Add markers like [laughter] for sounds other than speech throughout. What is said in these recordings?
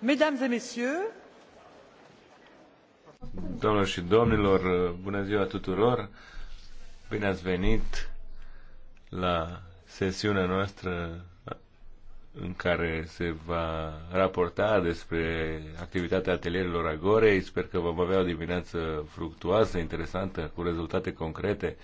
Mesdames et messieurs, și domnilor, bună ziua tuturor! Bine ați venit la sesiunea noastră în care se va raporta despre activitatea atelierilor Agorei. Sper că vom avea o dimineață fructuoasă, interesantă, cu rezultate concrete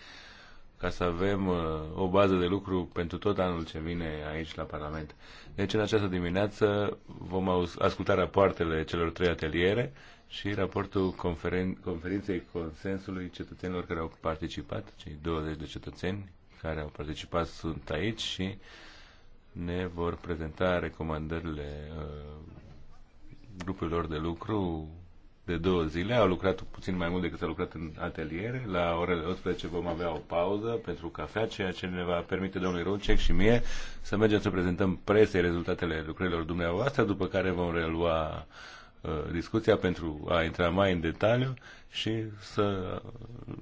ca să avem uh, o bază de lucru pentru tot anul ce vine aici la Parlament. Deci în această dimineață vom asculta rapoartele celor trei ateliere și raportul conferen- conferinței consensului cetățenilor care au participat, cei 20 de cetățeni care au participat sunt aici și ne vor prezenta recomandările uh, grupurilor de lucru de două zile. Au lucrat puțin mai mult decât s-a lucrat în ateliere. La orele 11 vom avea o pauză pentru cafea, ceea ce ne va permite domnului Rucec și mie să mergem să prezentăm presei rezultatele lucrărilor dumneavoastră, după care vom relua uh, discuția pentru a intra mai în detaliu și să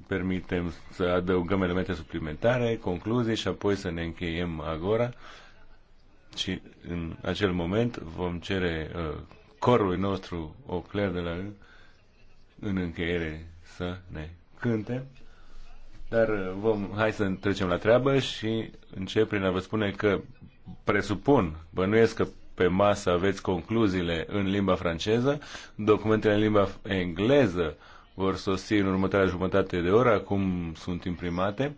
permitem să adăugăm elemente suplimentare, concluzii și apoi să ne încheiem agora și în acel moment vom cere uh, corului nostru o cler de la în încheiere să ne cânte. Dar uh, vom, hai să trecem la treabă și încep prin a vă spune că presupun, bănuiesc că pe masă aveți concluziile în limba franceză, documentele în limba engleză vor sosi în următoarea jumătate de oră, acum sunt imprimate.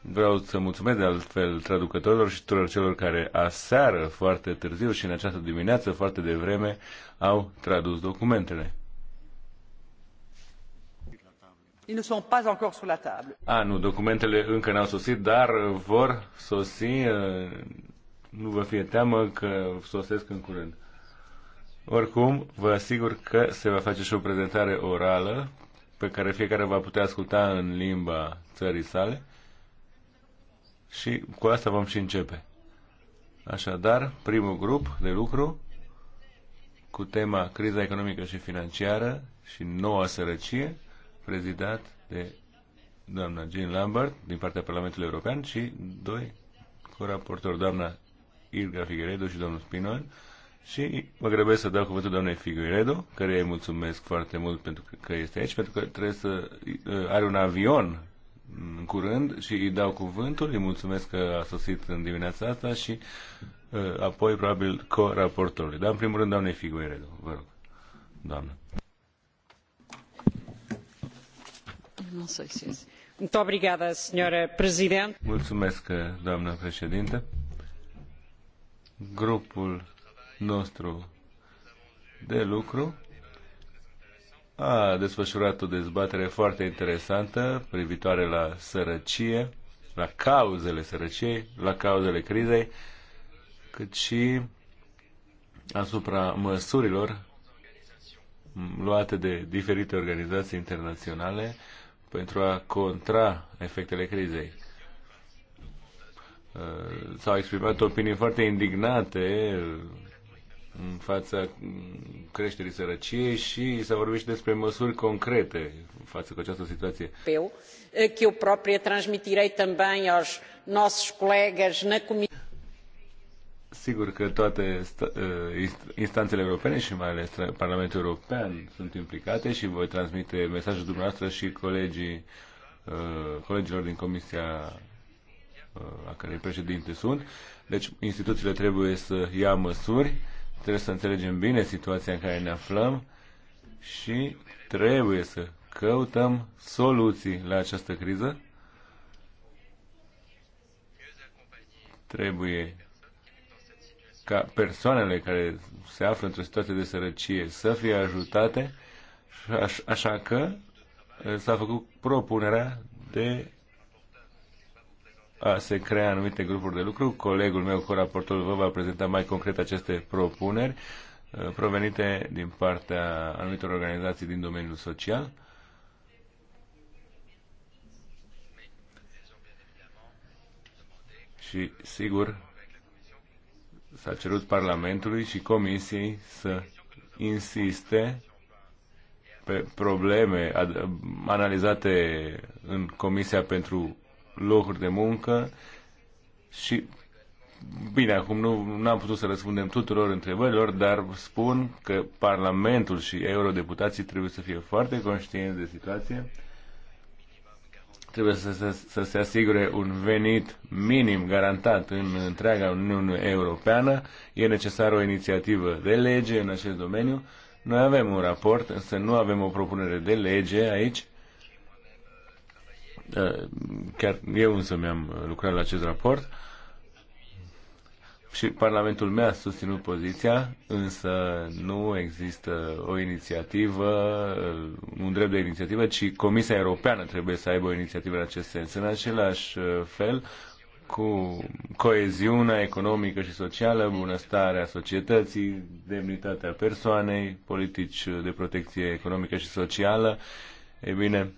Vreau să mulțumesc de altfel traducătorilor și tuturor celor care aseară foarte târziu și în această dimineață foarte devreme au tradus documentele. ne sont pas encore sur la table. Ah, nu, documentele încă n-au sosit, dar vor sosi. Nu vă fie teamă că sosesc în curând. Oricum, vă asigur că se va face și o prezentare orală pe care fiecare va putea asculta în limba țării sale și cu asta vom și începe. Așadar, primul grup de lucru cu tema criza economică și financiară și noua sărăcie prezidat de doamna Jean Lambert din partea Parlamentului European și doi coraportori, doamna Irga Figueredo și domnul Spinol. Și mă grăbesc să dau cuvântul doamnei Figueredo, care îi mulțumesc foarte mult pentru că este aici, pentru că trebuie să uh, are un avion în curând și îi dau cuvântul, îi mulțumesc că a sosit în dimineața asta și uh, apoi probabil co-raportorului. Dar în primul rând doamnei Figueredo, vă rog, doamnă. Mulțumesc, doamnă președintă. Grupul nostru de lucru a desfășurat o dezbatere foarte interesantă privitoare la sărăcie, la cauzele sărăciei, la cauzele crizei, cât și asupra măsurilor luate de diferite organizații internaționale pentru a contra efectele crizei. Uh, s-au exprimat opinii foarte indignate în fața creșterii sărăciei și s-a vorbit și despre măsuri concrete în față cu această situație. Eu, que eh, eu própria transmitirei também aos nossos colegas na Comissão. Sigur că toate ă, instanțele europene și mai ales Parlamentul European sunt implicate și voi transmite mesajul dumneavoastră și colegii, ă, colegilor din Comisia ă, a cărei președinte sunt. Deci instituțiile trebuie să ia măsuri, trebuie să înțelegem bine situația în care ne aflăm și trebuie să căutăm soluții la această criză. Trebuie ca persoanele care se află într-o situație de sărăcie să fie ajutate, așa că eh, s-a făcut propunerea de a se crea anumite grupuri de lucru. Colegul meu, cu raportul, vă va prezenta mai concret aceste propuneri eh, provenite din partea anumitor organizații din domeniul social. Și, sigur, s-a cerut Parlamentului și Comisiei să insiste pe probleme analizate în Comisia pentru locuri de muncă și Bine, acum nu am putut să răspundem tuturor întrebărilor, dar spun că Parlamentul și eurodeputații trebuie să fie foarte conștienți de situație trebuie să, să, să se asigure un venit minim garantat în întreaga Uniune Europeană. E necesară o inițiativă de lege în acest domeniu. Noi avem un raport, însă nu avem o propunere de lege aici. Uh, chiar eu însă mi-am lucrat la acest raport și Parlamentul meu a susținut poziția, însă nu există o inițiativă, un drept de inițiativă, ci Comisia Europeană trebuie să aibă o inițiativă în acest sens. În același uh, fel, cu coeziunea economică și socială, bunăstarea societății, demnitatea persoanei, politici de protecție economică și socială, e bine,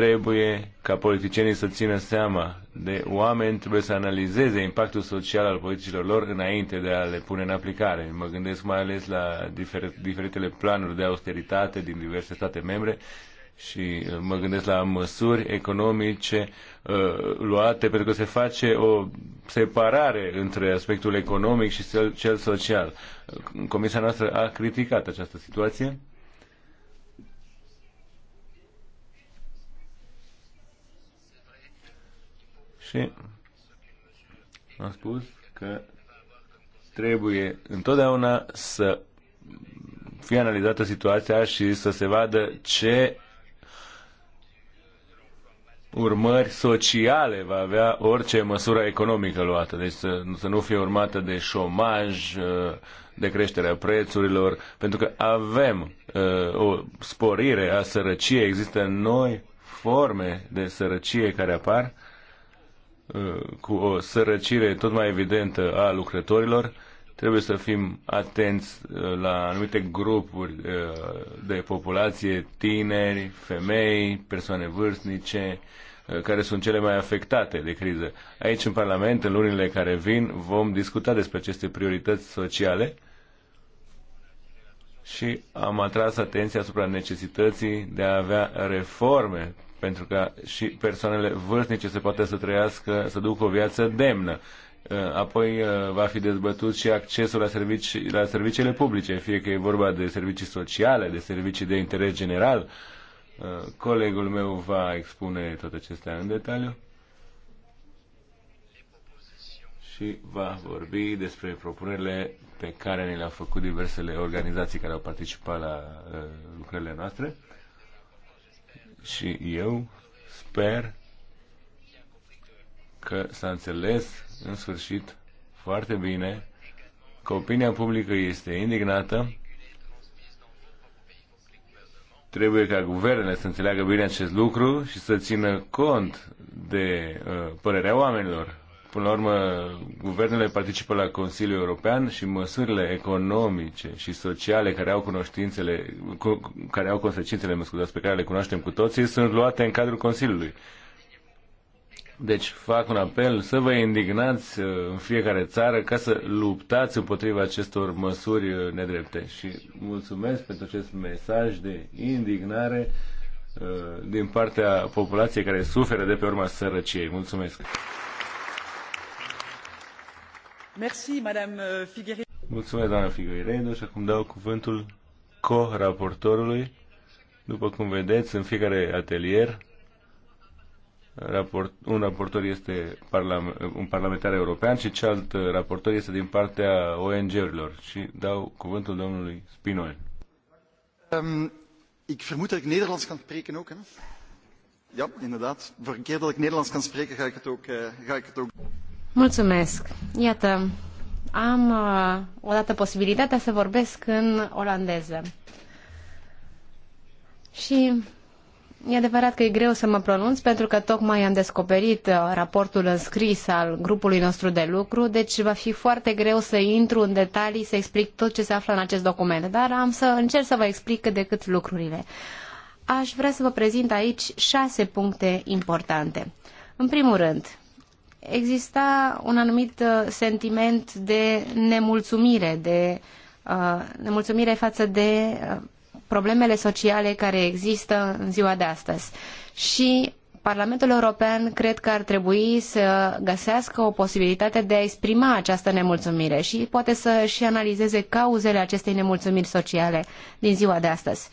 trebuie ca politicienii să țină seama de oameni, trebuie să analizeze impactul social al politicilor lor înainte de a le pune în aplicare. Mă gândesc mai ales la difer- diferitele planuri de austeritate din diverse state membre și uh, mă gândesc la măsuri economice uh, luate pentru că se face o separare între aspectul economic și cel, cel social. Comisia noastră a criticat această situație Și am spus că trebuie întotdeauna să fie analizată situația și să se vadă ce urmări sociale va avea orice măsură economică luată. Deci să, să nu fie urmată de șomaj, de creșterea prețurilor, pentru că avem uh, o sporire a sărăciei, există noi forme de sărăcie care apar cu o sărăcire tot mai evidentă a lucrătorilor, trebuie să fim atenți uh, la anumite grupuri uh, de populație, tineri, femei, persoane vârstnice, uh, care sunt cele mai afectate de criză. Aici, în Parlament, în lunile care vin, vom discuta despre aceste priorități sociale și am atras atenția asupra necesității de a avea reforme pentru ca și persoanele vârstnice se poată să trăiască, să ducă o viață demnă. Uh, apoi uh, va fi dezbătut și accesul la, servici, la serviciile publice, fie că e vorba de servicii sociale, de servicii de interes general. Uh, colegul meu va expune toate acestea în detaliu și va vorbi despre propunerile pe care ne le-au făcut diversele organizații care au participat la lucrările noastre și eu sper că s-a înțeles în sfârșit foarte bine că opinia publică este indignată. Trebuie ca guvernele să înțeleagă bine acest lucru și să țină cont de uh, părerea oamenilor. Până la urmă, guvernele participă la Consiliul European și măsurile economice și sociale care au cunoștințele, cu, care au consecințele, mă scuzați, pe care le cunoaștem cu toții, sunt luate în cadrul Consiliului. Deci fac un apel să vă indignați uh, în fiecare țară ca să luptați împotriva acestor măsuri uh, nedrepte. Și mulțumesc pentru acest mesaj de indignare uh, din partea populației care suferă de pe urma sărăciei. Mulțumesc! Euh, Figueiredo. Mulțumesc, doamna Figueiredo, și acum dau cuvântul co-raportorului. După cum vedeți, în fiecare atelier raport, un raportor este parlam, un parlamentar european și cealalt raportor este din partea ONG-urilor. Și dau cuvântul domnului Spinoi. Um, ehm, ik vermoed dat ik Nederlands kan spreken ook, hè? Ja, inderdaad. Voor een keer dat ik Nederlands kan spreken, ga ik het ook, uh, ga ik het ook Mulțumesc. Iată, am uh, dată posibilitatea să vorbesc în olandeză. Și e adevărat că e greu să mă pronunț pentru că tocmai am descoperit uh, raportul înscris al grupului nostru de lucru, deci va fi foarte greu să intru în detalii, să explic tot ce se află în acest document, dar am să încerc să vă explic cât de cât lucrurile. Aș vrea să vă prezint aici șase puncte importante. În primul rând, exista un anumit uh, sentiment de nemulțumire, de uh, nemulțumire față de uh, problemele sociale care există în ziua de astăzi. Și Parlamentul European cred că ar trebui să găsească o posibilitate de a exprima această nemulțumire și poate să și analizeze cauzele acestei nemulțumiri sociale din ziua de astăzi.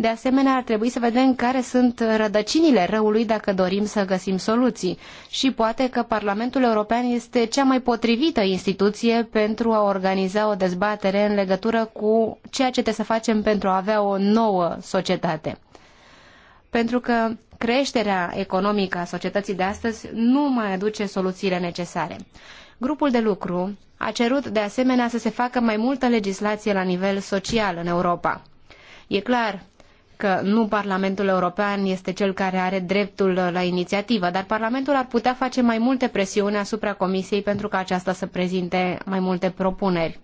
De asemenea, ar trebui să vedem care sunt rădăcinile răului dacă dorim să găsim soluții. Și poate că Parlamentul European este cea mai potrivită instituție pentru a organiza o dezbatere în legătură cu ceea ce trebuie să facem pentru a avea o nouă societate. Pentru că creșterea economică a societății de astăzi nu mai aduce soluțiile necesare. Grupul de lucru a cerut de asemenea să se facă mai multă legislație la nivel social în Europa. E clar, că nu Parlamentul European este cel care are dreptul la inițiativă, dar Parlamentul ar putea face mai multe presiuni asupra Comisiei pentru ca aceasta să prezinte mai multe propuneri.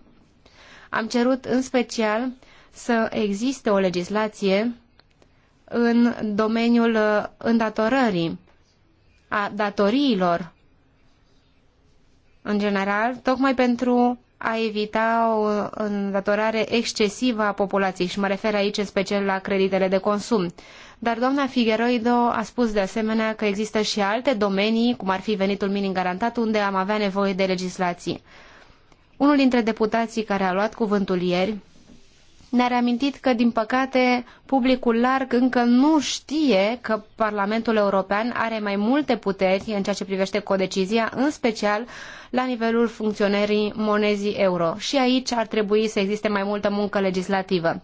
Am cerut în special să existe o legislație în domeniul uh, îndatorării, a datoriilor în general, tocmai pentru a evita o îndatorare excesivă a populației și mă refer aici în special la creditele de consum. Dar doamna Figueroido a spus de asemenea că există și alte domenii, cum ar fi venitul minim garantat, unde am avea nevoie de legislație. Unul dintre deputații care a luat cuvântul ieri ne-a reamintit că, din păcate, publicul larg încă nu știe că Parlamentul European are mai multe puteri în ceea ce privește codecizia, în special la nivelul funcționării monezii euro. Și aici ar trebui să existe mai multă muncă legislativă.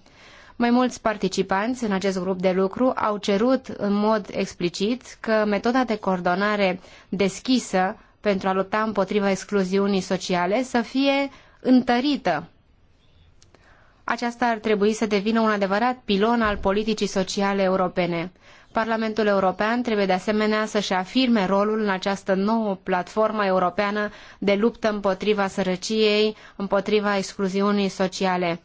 Mai mulți participanți în acest grup de lucru au cerut în mod explicit că metoda de coordonare deschisă pentru a lupta împotriva excluziunii sociale să fie întărită aceasta ar trebui să devină un adevărat pilon al politicii sociale europene. Parlamentul European trebuie de asemenea să-și afirme rolul în această nouă platformă europeană de luptă împotriva sărăciei, împotriva excluziunii sociale.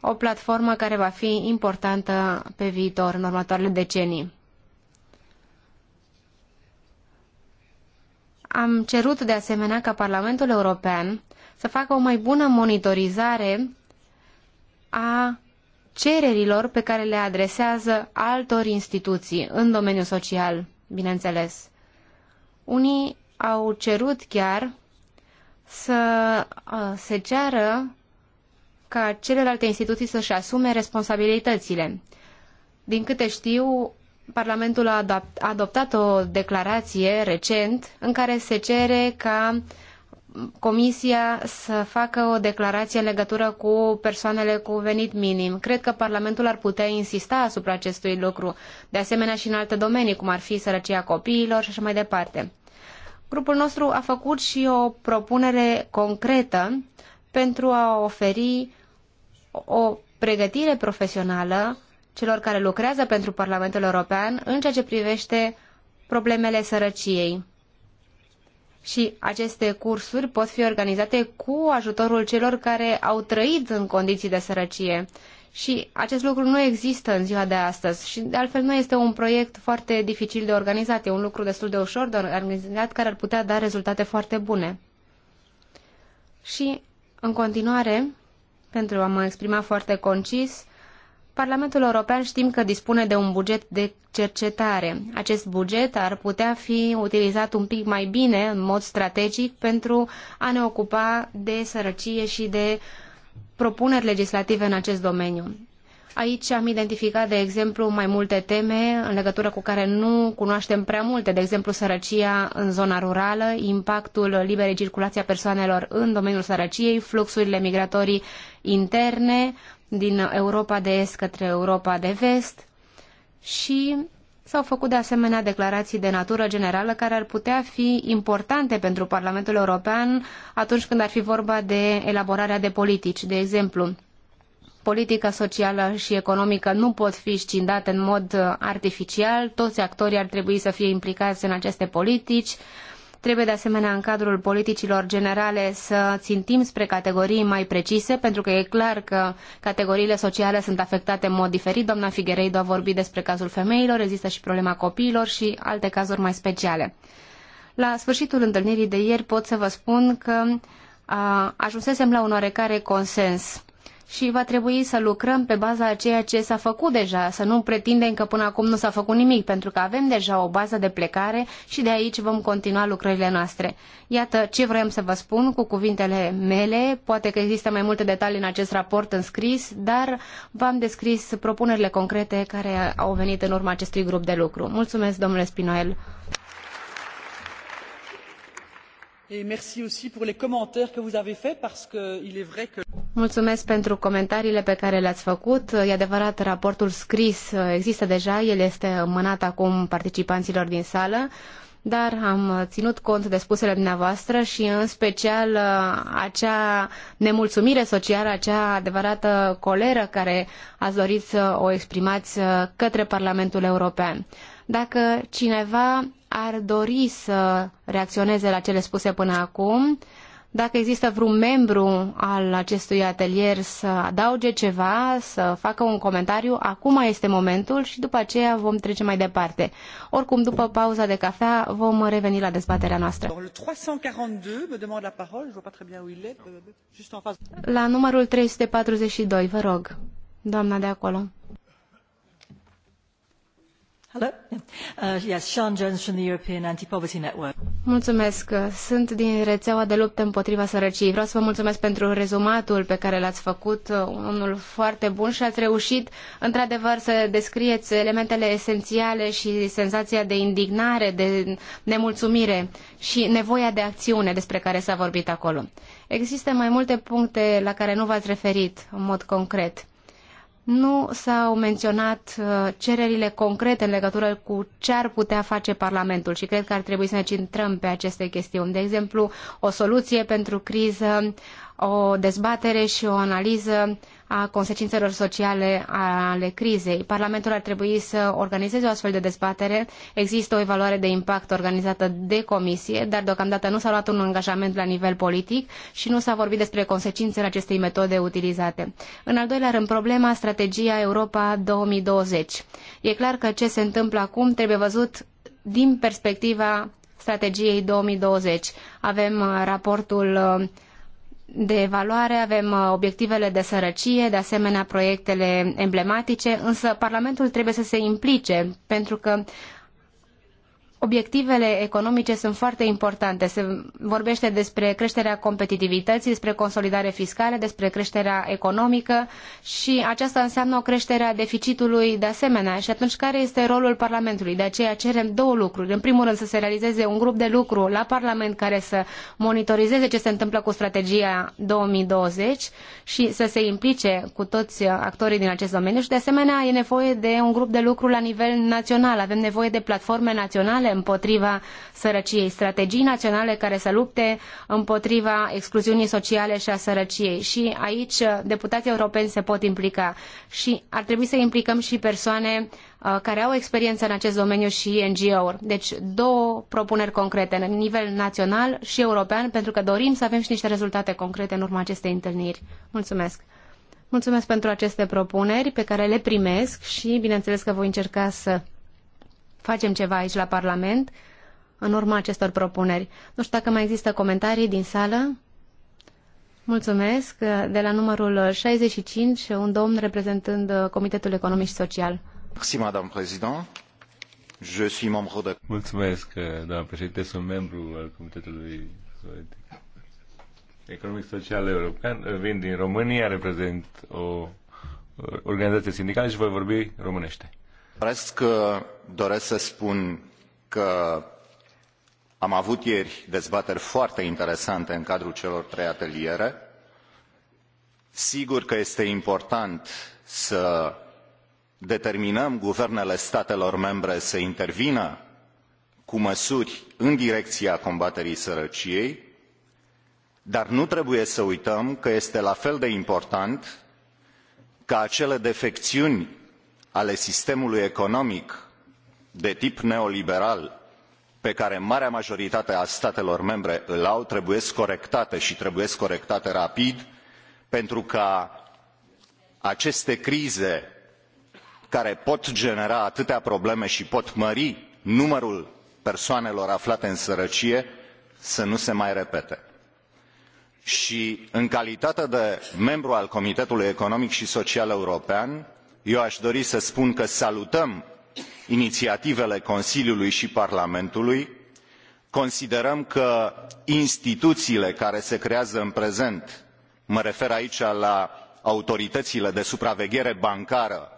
O platformă care va fi importantă pe viitor, în următoarele decenii. Am cerut de asemenea ca Parlamentul European să facă o mai bună monitorizare a cererilor pe care le adresează altor instituții în domeniul social, bineînțeles. Unii au cerut chiar să uh, se ceară ca celelalte instituții să-și asume responsabilitățile. Din câte știu, Parlamentul a adoptat o declarație recent în care se cere ca uh, Comisia să facă o declarație în legătură cu persoanele cu venit minim. Cred că Parlamentul ar putea insista asupra acestui lucru, de asemenea și în alte domenii, cum ar fi sărăcia copiilor și așa mai departe. Grupul nostru a făcut și o propunere concretă pentru a oferi o pregătire profesională celor care lucrează pentru Parlamentul European în ceea ce privește problemele sărăciei și aceste cursuri pot fi organizate cu ajutorul celor care au trăit în condiții de sărăcie. Și acest lucru nu există în ziua de astăzi și de altfel nu este un proiect foarte dificil de organizat, e un lucru destul de ușor de organizat care ar putea da rezultate foarte bune. Și, în continuare, pentru a mă exprima foarte concis, Parlamentul European știm că dispune de un buget de cercetare. Acest buget ar putea fi utilizat un pic mai bine, în mod strategic, pentru a ne ocupa de sărăcie și de propuneri legislative în acest domeniu. Aici am identificat, de exemplu, mai multe teme în legătură cu care nu cunoaștem prea multe, de exemplu, sărăcia în zona rurală, impactul liberei circulației a persoanelor în domeniul sărăciei, fluxurile migratorii interne, din Europa de Est către Europa de Vest și S-au făcut de asemenea declarații de natură generală care ar putea fi importante pentru Parlamentul European atunci când ar fi vorba de elaborarea de politici. De exemplu, politica socială și economică nu pot fi scindate în mod uh, artificial, toți actorii ar trebui să fie implicați în aceste politici, Trebuie de asemenea în cadrul politicilor generale să țintim spre categorii mai precise, pentru că e clar că categoriile sociale sunt afectate în mod diferit. Doamna Figueiredo a vorbit despre cazul femeilor, există și problema copiilor și alte cazuri mai speciale. La sfârșitul întâlnirii de ieri pot să vă spun că a, ajunsesem la un oarecare consens și va trebui să lucrăm pe baza a ceea ce s-a făcut deja, să nu pretindem că până acum nu s-a făcut nimic, pentru că avem deja o bază de plecare și de aici vom continua lucrările noastre. Iată ce vrem să vă spun cu cuvintele mele, poate că există mai multe detalii în acest raport înscris, dar v-am descris propunerile concrete care au venit în urma acestui grup de lucru. Mulțumesc, domnule Spinoel! et merci aussi pour les commentaires que vous avez faits parce qu'il est vrai que Mulțumesc pentru comentariile pe care le-ați făcut. E adevărat, raportul scris uh, există deja, el este mânat acum participanților din sală, dar am ținut cont de spusele dumneavoastră și în special uh, acea nemulțumire socială, acea adevărată coleră care a dorit să o exprimați uh, către Parlamentul European. Dacă cineva ar dori să reacționeze la cele spuse până acum, dacă există vreun membru al acestui atelier să adauge ceva, să facă un comentariu, acum este momentul și după aceea vom trece mai departe. Oricum, după pauza de cafea, vom reveni la dezbaterea noastră. Euh, la numărul 342, vă rog, doamna de acolo. Mulțumesc. Sunt din rețeaua de luptă împotriva sărăciei. Vreau să vă mulțumesc pentru rezumatul pe care l-ați făcut, uh, unul foarte bun și ați reușit într-adevăr să descrieți elementele esențiale și senzația de indignare, de nemulțumire și nevoia de acțiune despre care s-a vorbit acolo. Există mai multe puncte la care nu v-ați referit în mod concret nu s-au menționat uh, cererile concrete în legătură cu ce ar putea face Parlamentul și cred că ar trebui să ne centrăm pe aceste chestiuni. De exemplu, o soluție pentru criză, o dezbatere și o analiză a consecințelor sociale ale crizei. Parlamentul ar trebui să organizeze o astfel de dezbatere. Există o evaluare de impact organizată de comisie, dar deocamdată nu s-a luat un angajament la nivel politic și nu s-a vorbit despre consecințele acestei metode utilizate. În al doilea rând, problema strategia Europa 2020. E clar că ce se întâmplă acum trebuie văzut din perspectiva strategiei 2020. Avem uh, raportul uh, de evaluare, avem uh, obiectivele de sărăcie, de asemenea proiectele emblematice, însă Parlamentul trebuie să se implice, pentru că obiectivele economice sunt foarte importante. Se vorbește despre creșterea competitivității, despre consolidare fiscală, despre creșterea economică și aceasta înseamnă o creștere a deficitului de asemenea. Și atunci care este rolul Parlamentului? De aceea cerem două lucruri. În primul rând să se realizeze un grup de lucru la Parlament care să monitorizeze ce se întâmplă cu strategia 2020 și să se implice cu toți actorii din acest domeniu și de asemenea e nevoie de un grup de lucru la nivel național. Avem nevoie de platforme naționale naționale împotriva sărăciei, strategii naționale care să lupte împotriva excluziunii sociale și a sărăciei. Și aici uh, deputații europeni se pot implica și ar trebui să implicăm și persoane uh, care au experiență în acest domeniu și NGO-uri. Deci două propuneri concrete, la nivel național și european, pentru că dorim să avem și niște rezultate concrete în urma acestei întâlniri. Mulțumesc! Mulțumesc pentru aceste propuneri pe care le primesc și bineînțeles că voi încerca să facem ceva aici la Parlament în urma acestor propuneri. Nu știu dacă mai există comentarii din sală. Mulțumesc. De la numărul 65, un domn reprezentând Comitetul Economic și Social. Mulțumesc, doamnă președinte, sunt membru al Comitetului Economic Social European. Vin din România, reprezint o organizație sindicală și voi vorbi românește. Doresc, uh, doresc să spun că am avut ieri dezbateri foarte interesante în cadrul celor trei ateliere. Sigur că este important să determinăm guvernele statelor membre să intervină cu măsuri în direcția combaterii sărăciei, dar nu trebuie să uităm că este la fel de important ca acele defecțiuni ale sistemului economic de tip neoliberal pe care marea majoritate a statelor membre îl au trebuie corectate i trebuie corectate rapid pentru ca aceste crize care pot genera atâtea probleme i pot mări numărul persoanelor aflate în sărăcie să nu se mai repete. i în calitate de membru al comitetului economic i social european eu a dori să spun că salutăm iniiativele consiliului i parlamentului considerăm că instituiile care se creează în prezent mă refer aici la autorităile de supraveghere bancară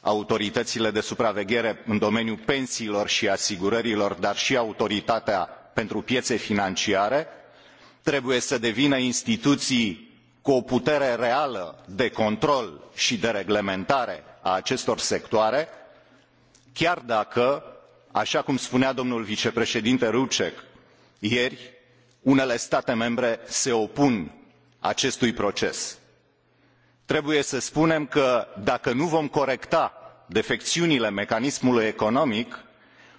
autorităile de supraveghere în domeniul pensiilor i asigurărilor dar i autoritatea pentru piee financiare trebuie să devină instituii cu o putere reală de control i de reglementare a acestor sectoare chiar dacă aa cum spunea domnul vicepreedinte rouek ieri unele state membre se opun acestui proces. trebuie să spunem că dacă nu vom corecta defeciunile mecanismului economic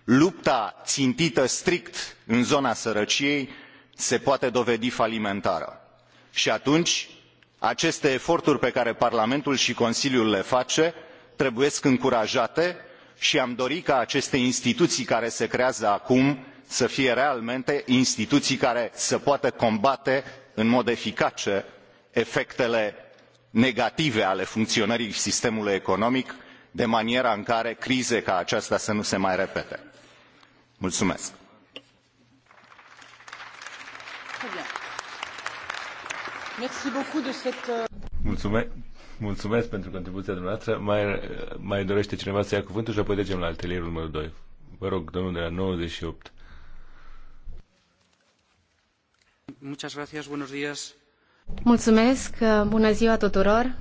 lupta inită strict în zona sărăciei se poate dovedi falimentară i atunci aceste eforturi pe care parlamentul i consiliul le fac trebuie încurajate i am dori ca aceste instituii care se creează acum să fie realmente instituii care să poată combate în mod eficace efectele negative ale funcionării sistemului economic de maniera în care crize ca aceasta să nu se mai repete. Mulțumesc. Euh, mulțumesc, mulțumesc pentru contribuția dumneavoastră. Mai, mai dorește cineva să ia cuvântul și apoi trecem la atelierul numărul 2. Vă rog, domnul de la 98. Muchas gracias, buenos días. Mulțumesc, uh, bună ziua tuturor.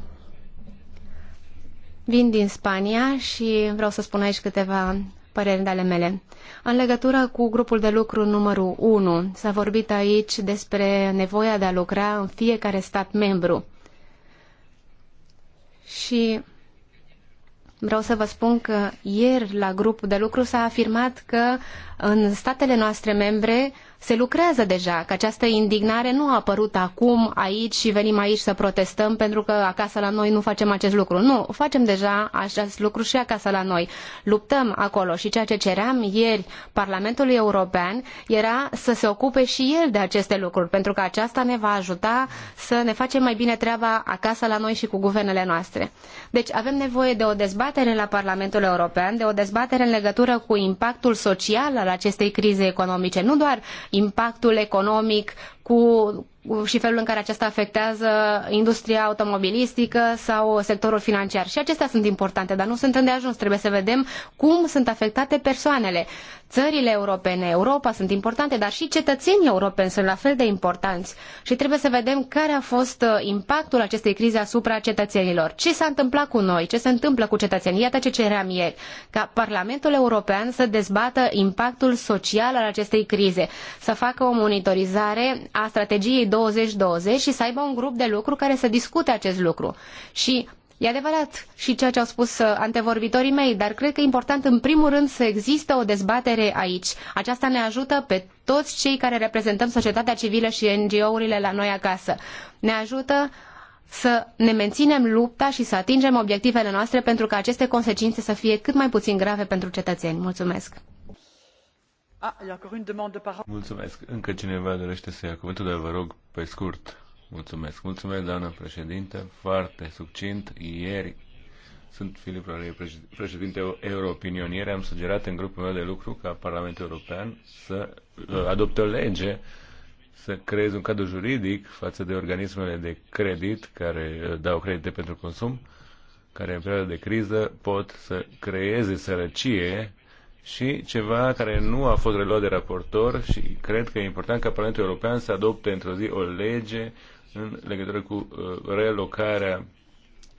Vin din Spania și vreau să spun aici câteva părerile ale mele. În legătură cu grupul de lucru numărul 1, s-a vorbit aici despre nevoia de a lucra în fiecare stat membru. Și vreau să vă spun că ieri la grupul de lucru s-a afirmat că în statele noastre membre se lucrează deja, că această indignare nu a apărut acum aici și venim aici să protestăm pentru că acasă la noi nu facem acest lucru. Nu, facem deja acest lucru și acasă la noi. Luptăm acolo și ceea ce ceream ieri Parlamentului European era să se ocupe și el de aceste lucruri, pentru că aceasta ne va ajuta să ne facem mai bine treaba acasă la noi și cu guvernele noastre. Deci avem nevoie de o dezbatere la Parlamentul European, de o dezbatere în legătură cu impactul social al acestei crize economice, nu doar impactul economic cu și felul în care aceasta afectează industria automobilistică sau sectorul financiar. Și acestea sunt importante, dar nu sunt îndeajuns. Trebuie să vedem cum sunt afectate persoanele țările europene, Europa sunt importante, dar și cetățenii europeni sunt la fel de importanți și trebuie să vedem care a fost uh, impactul acestei crize asupra cetățenilor. Ce s-a întâmplat cu noi? Ce se întâmplă cu cetățenii? Iată ce ceream ieri, ca Parlamentul European să dezbată impactul social al acestei crize, să facă o monitorizare a strategiei 2020 și să aibă un grup de lucru care să discute acest lucru. Și E adevărat și ceea ce au spus uh, antevorbitorii mei, dar cred că e important în primul rând să existe o dezbatere aici. Aceasta ne ajută pe toți cei care reprezentăm societatea civilă și NGO-urile la noi acasă. Ne ajută să ne menținem lupta și să atingem obiectivele noastre pentru ca aceste consecințe să fie cât mai puțin grave pentru cetățeni. Mulțumesc! Ah, Mulțumesc. Încă cineva dorește să ia cuvântul, dar vă rog pe scurt. Mulțumesc. Mulțumesc, doamnă președinte. Foarte succint. Ieri sunt Filip Rorie, președinte ieri Am sugerat în grupul meu de lucru ca Parlamentul European să uh, adopte o lege să creeze un cadru juridic față de organismele de credit care uh, dau credite pentru consum, care în perioada de criză pot să creeze sărăcie și ceva care nu a fost reluat de raportor și cred că e important ca Parlamentul European să adopte într-o zi o lege în legătură cu uh, relocarea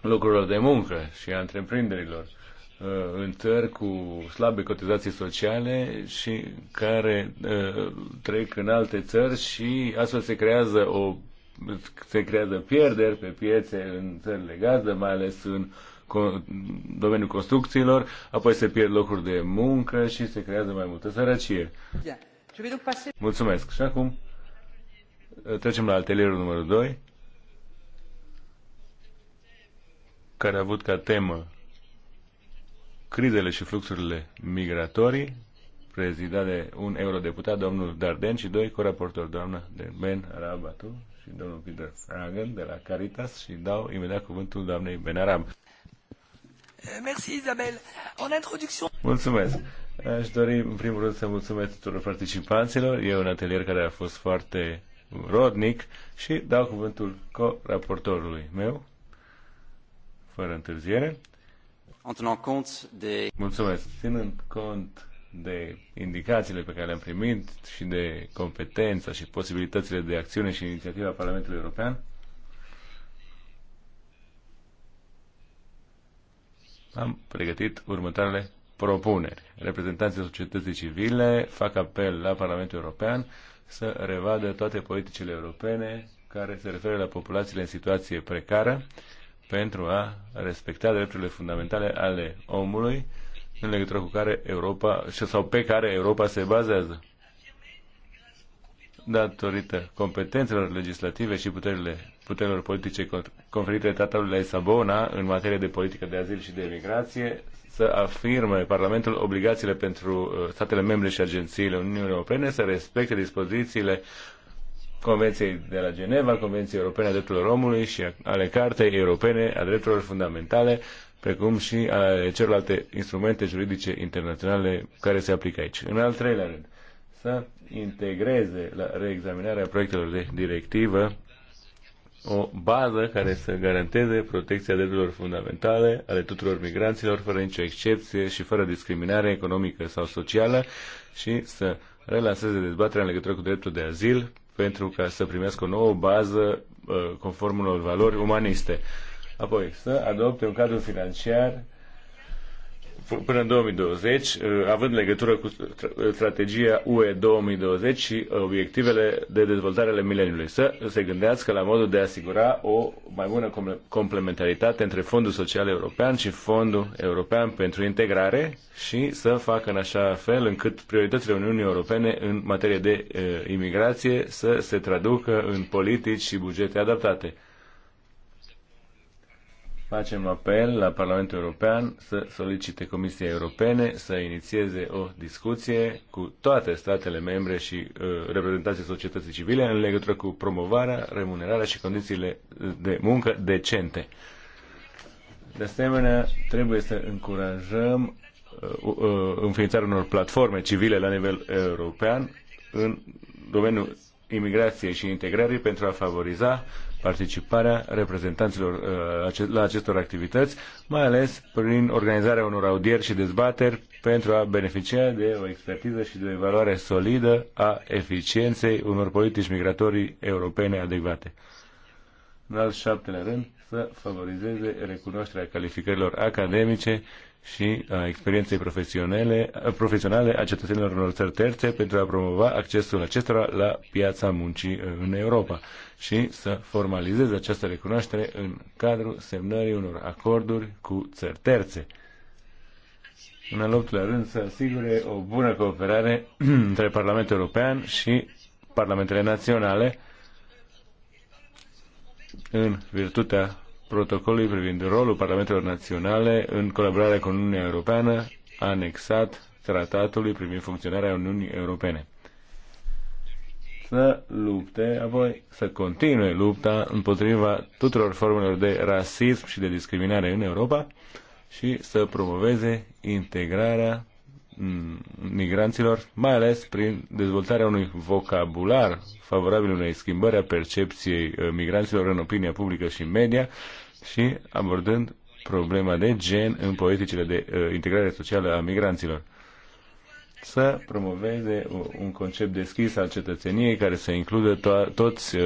locurilor de muncă și a întreprinderilor uh, în țări cu slabe cotizații sociale și care uh, trec în alte țări și astfel se creează o se creează pierderi pe piețe în țările gazdă, mai ales în domeniul construcțiilor, apoi se pierd locuri de muncă și se creează mai multă sărăcie. Mulțumesc. Și acum Trecem la atelierul numărul 2, care a avut ca temă crizele și fluxurile migratorii, prezidat de un eurodeputat, domnul Darden, și doi coraportori, doamna de Ben Arabatu și domnul Peter Fragan de la Caritas și dau imediat cuvântul doamnei Ben Arab. Merci, Isabel. En introduction... Mulțumesc. Aș dori, în primul rând, să mulțumesc tuturor participanților. E un atelier care a fost foarte rodnic și dau cuvântul co-raportorului meu, fără întârziere. De... Mulțumesc. Ținând cont de indicațiile pe care le-am primit și de competența și posibilitățile de acțiune și inițiativa Parlamentului European, am pregătit următoarele propuneri. Reprezentanții societății civile fac apel la Parlamentul European să revadă toate politicile europene care se referă la populațiile în situație precară pentru a respecta drepturile fundamentale ale omului în legătură cu care Europa sau pe care Europa se bazează datorită competențelor legislative și puterile, puterilor politice conferite de Tratatul de Lisabona în materie de politică de azil și de migrație, să afirme Parlamentul obligațiile pentru uh, statele membre și agențiile Uniunii Europene să respecte dispozițiile Convenției de la Geneva, Convenției Europene a Drepturilor Omului și ale Cartei Europene a Drepturilor Fundamentale, precum și ale celorlalte instrumente juridice internaționale care se aplică aici. În al treilea rând, să integreze la reexaminarea proiectelor de directivă o bază care să garanteze protecția drepturilor fundamentale ale tuturor migranților, fără nicio excepție și fără discriminare economică sau socială și să relanseze dezbaterea în legătură cu dreptul de azil pentru ca să primească o nouă bază uh, conform unor valori umaniste. Apoi, să adopte un cadru financiar până în 2020, uh, având legătură cu strategia UE 2020 și uh, obiectivele de dezvoltare ale mileniului. Să se gândească la modul de a asigura o mai bună complementaritate între Fondul Social European și Fondul European pentru Integrare și să facă în așa fel încât prioritățile Uniunii Europene în materie de uh, imigrație să se traducă în politici și bugete adaptate facem apel la Parlamentul European să solicite Comisiei Europene să inițieze o discuție cu toate statele membre și uh, reprezentanții societății civile în legătură cu promovarea, remunerarea și condițiile de muncă decente. De asemenea, trebuie să încurajăm uh, uh, înființarea unor platforme civile la nivel european în domeniul imigrației și integrării pentru a favoriza participarea reprezentanților uh, la acestor activități, mai ales prin organizarea unor audieri și dezbateri pentru a beneficia de o expertiză și de o evaluare solidă a eficienței unor politici migratorii europene adecvate. În al șaptelea rând, să favorizeze recunoașterea calificărilor academice și a experienței profesionale, profesionale a cetățenilor unor țări terțe pentru a promova accesul acestora la piața muncii uh, în Europa și să formalizeze această recunoaștere în cadrul semnării unor acorduri cu țări terțe. În al optulea rând, să asigure o bună cooperare [clears throat] între Parlamentul European și Parlamentele Naționale în virtutea protocolului privind rolul Parlamentelor Naționale în colaborare cu Uniunea Europeană, anexat tratatului privind funcționarea Uniunii Europene. Să lupte, apoi să continue lupta împotriva tuturor formelor de rasism și de discriminare în Europa și să promoveze integrarea Mm, migranților, mai ales prin dezvoltarea unui vocabular favorabil unei schimbări a percepției uh, migranților în opinia publică și media și abordând problema de gen în politicile de uh, integrare socială a migranților. Să promoveze uh, un concept deschis al cetățeniei care să includă to- toți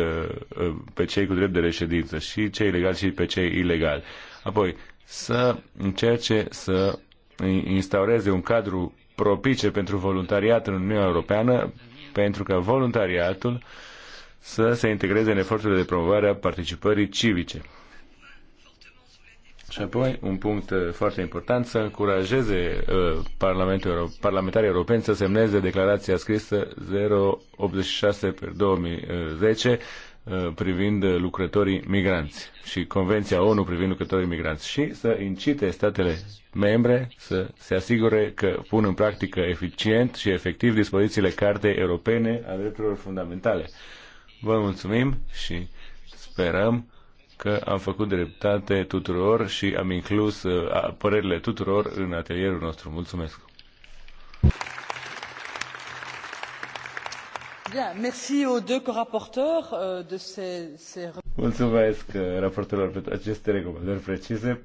pe cei cu drept de reședință, și cei legali și pe cei ilegali. Apoi, să încerce să instaureze un cadru propice pentru voluntariat în Uniunea Europeană, pentru că voluntariatul să se integreze în eforturile de promovare a participării civice. Și apoi, un punct uh, foarte important, să încurajeze uh, Parlamentul Euro- parlamentarii europeni să semneze declarația scrisă 086 pe 2010 Uh, privind lucrătorii migranți și Convenția ONU privind lucrătorii migranți și să incite statele membre să se asigure că pun în practică eficient și efectiv dispozițiile Cartei Europene a Drepturilor Fundamentale. Vă mulțumim și sperăm că am făcut dreptate tuturor și am inclus uh, părerile tuturor în atelierul nostru. Mulțumesc! Mulțumesc raportorilor pentru aceste recomandări precise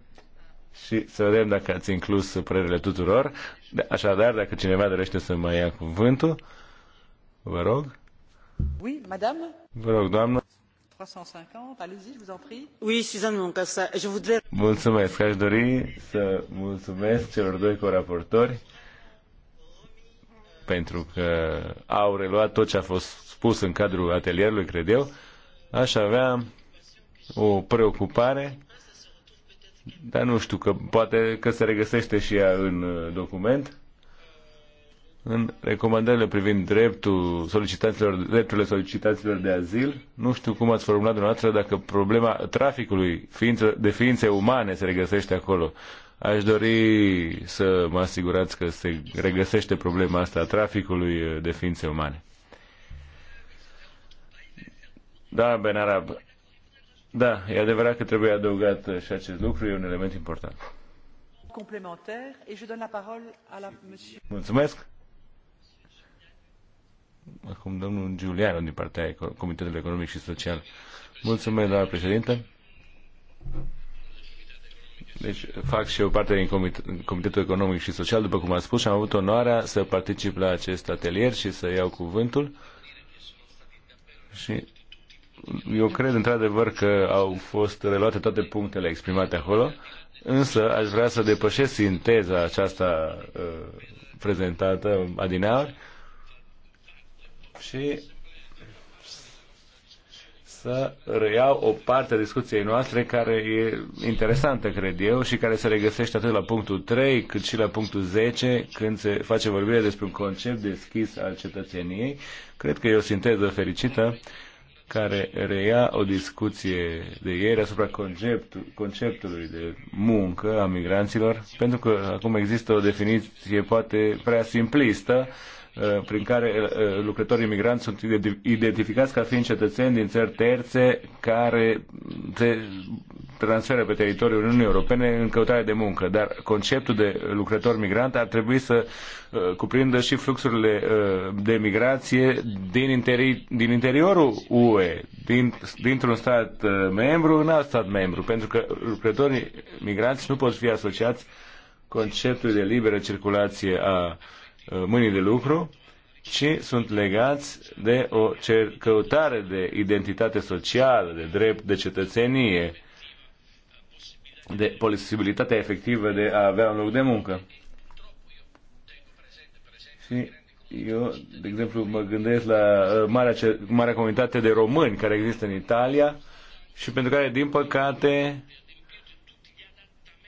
și să vedem dacă ați inclus părerile tuturor. Așadar, dacă cineva dorește să mai ia cuvântul, vă rog. Oui, madame. Vă rog, doamnă. 350, allez-y, je vous en prie. Oui, Suzanne je voudrais... Mulțumesc, aș dori să mulțumesc celor doi coraportori pentru că au reluat tot ce a fost spus în cadrul atelierului, cred eu, aș avea o preocupare, dar nu știu, că poate că se regăsește și ea în uh, document, în recomandările privind dreptul solicitanților, drepturile solicitanților de azil, nu știu cum ați formulat dumneavoastră dacă problema traficului ființă, de ființe umane se regăsește acolo. Aș dori să mă asigurați că se regăsește problema asta a traficului uh, de ființe umane. Da, Ben Arab. Da, e adevărat că trebuie adăugat uh, și acest lucru, e un element important. Mulțumesc. Acum domnul Giuliano din partea Comitetului Economic și Social. Mulțumesc, doamna președinte. Deci fac și eu parte din Comitetul Economic și Social, după cum am spus, și am avut onoarea să particip la acest atelier și să iau cuvântul. Și eu cred într-adevăr că au fost reluate toate punctele exprimate acolo, însă aș vrea să depășesc sinteza aceasta uh, prezentată adineauri și să reiau o parte a discuției noastre care e interesantă, cred eu, și care se regăsește atât la punctul 3 cât și la punctul 10 când se face vorbire despre un concept deschis al cetățeniei. Cred că e o sinteză fericită care reia o discuție de ieri asupra conceptul, conceptului de muncă a migranților, pentru că acum există o definiție poate prea simplistă, Uh, prin care uh, uh, lucrătorii migranți sunt identificați ca fiind cetățeni din țări terțe care se transferă pe teritoriul Uniunii Europene în căutare de muncă. Dar conceptul de lucrător migrant ar trebui să cuprindă și fluxurile de migrație din, interi, din interiorul UE, din, dintr-un stat membru în alt stat membru, pentru că lucrătorii migranți nu pot fi asociați conceptului de liberă circulație a uh, Uh, mâinii de lucru, ci sunt legați de o căutare de identitate socială, de drept, de cetățenie, de posibilitatea efectivă de a avea un loc de muncă. Și eu, de exemplu, mă gândesc la uh, marea, marea comunitate de români care există în Italia și pentru care, din păcate,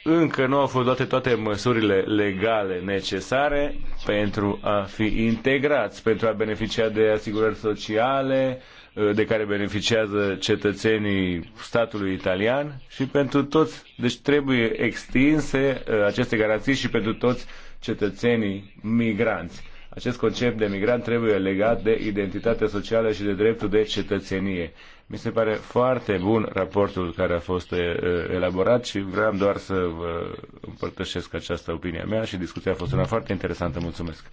încă nu au fost luate toate măsurile legale necesare pentru a fi integrați, pentru a beneficia de asigurări sociale, uh, de care beneficiază cetățenii statului italian și pentru toți, deci trebuie extinse uh, aceste garanții și pentru toți cetățenii migranți acest concept de migrant trebuie legat de identitatea socială și de dreptul de cetățenie. Mi se pare foarte bun raportul care a fost uh, elaborat și vreau doar să vă împărtășesc această opinie a mea și discuția a fost una foarte interesantă. Mulțumesc!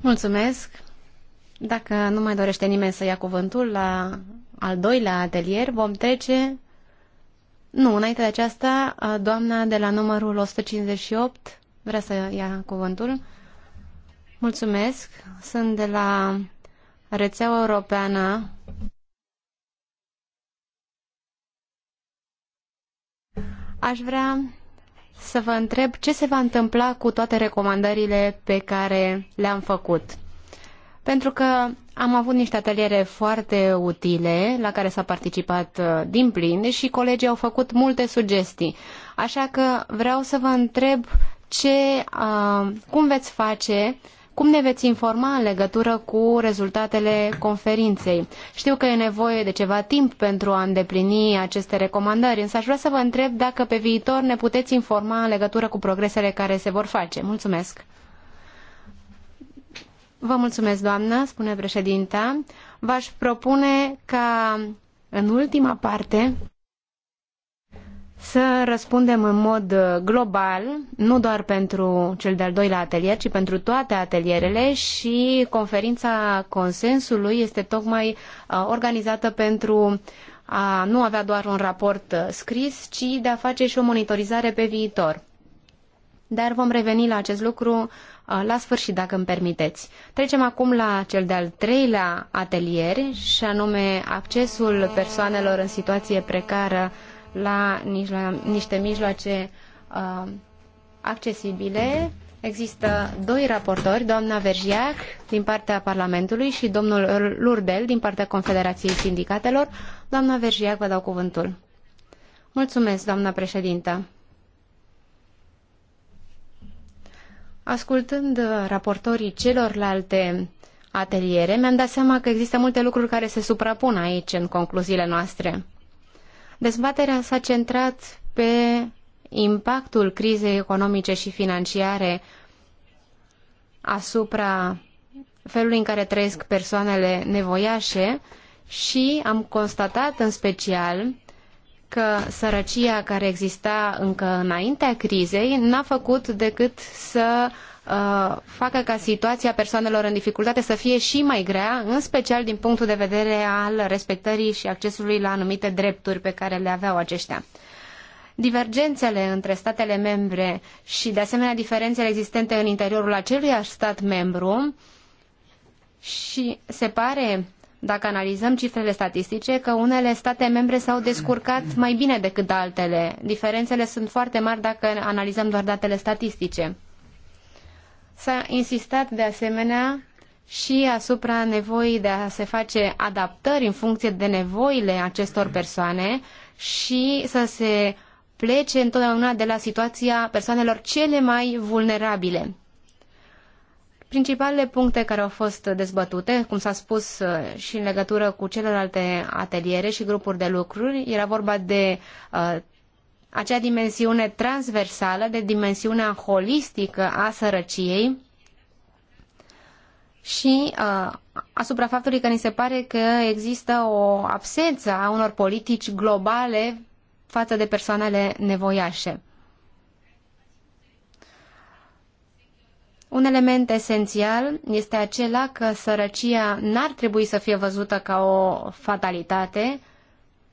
Mulțumesc! Dacă nu mai dorește nimeni să ia cuvântul la al doilea atelier, vom trece nu, înainte de aceasta, doamna de la numărul 158 vrea să ia cuvântul. Mulțumesc. Sunt de la rețeaua europeană Aș vrea să vă întreb ce se va întâmpla cu toate recomandările pe care le-am făcut pentru că am avut niște ateliere foarte utile la care s-a participat uh, din plin și colegii au făcut multe sugestii. Așa că vreau să vă întreb ce, uh, cum veți face cum ne veți informa în legătură cu rezultatele conferinței? Știu că e nevoie de ceva timp pentru a îndeplini aceste recomandări, însă aș vrea să vă întreb dacă pe viitor ne puteți informa în legătură cu progresele care se vor face. Mulțumesc! Vă mulțumesc, doamnă, spune președinta. V-aș propune ca în ultima parte să răspundem în mod global, nu doar pentru cel de-al doilea atelier, ci pentru toate atelierele și conferința consensului este tocmai uh, organizată pentru a nu avea doar un raport uh, scris, ci de a face și o monitorizare pe viitor. Dar vom reveni la acest lucru Uh, la sfârșit, dacă îmi permiteți. Trecem acum la cel de-al treilea atelier și anume accesul persoanelor în situație precară la niște mijloace uh, accesibile. Există doi raportori, doamna Vergiac din partea Parlamentului și domnul Lurdel din partea Confederației Sindicatelor. Doamna Vergiac, vă dau cuvântul. Mulțumesc, doamna președintă. Ascultând uh, raportorii celorlalte ateliere, mi-am dat seama că există multe lucruri care se suprapun aici în concluziile noastre. Dezbaterea s-a centrat pe impactul crizei economice și financiare asupra felului în care trăiesc persoanele nevoiașe și am constatat în special că sărăcia care exista încă înaintea crizei n-a făcut decât să uh, facă ca situația persoanelor în dificultate să fie și mai grea, în special din punctul de vedere al respectării și accesului la anumite drepturi pe care le aveau aceștia. Divergențele între statele membre și, de asemenea, diferențele existente în interiorul aceluiași stat membru și se pare dacă analizăm cifrele statistice, că unele state membre s-au descurcat mai bine decât altele. Diferențele sunt foarte mari dacă analizăm doar datele statistice. S-a insistat de asemenea și asupra nevoii de a se face adaptări în funcție de nevoile acestor persoane și să se plece întotdeauna de la situația persoanelor cele mai vulnerabile. Principalele puncte care au fost dezbătute, cum s-a spus uh, și în legătură cu celelalte ateliere și grupuri de lucruri, era vorba de uh, acea dimensiune transversală, de dimensiunea holistică a sărăciei și uh, asupra faptului că ni se pare că există o absență a unor politici globale față de persoanele nevoiașe. Un element esențial este acela că sărăcia n-ar trebui să fie văzută ca o fatalitate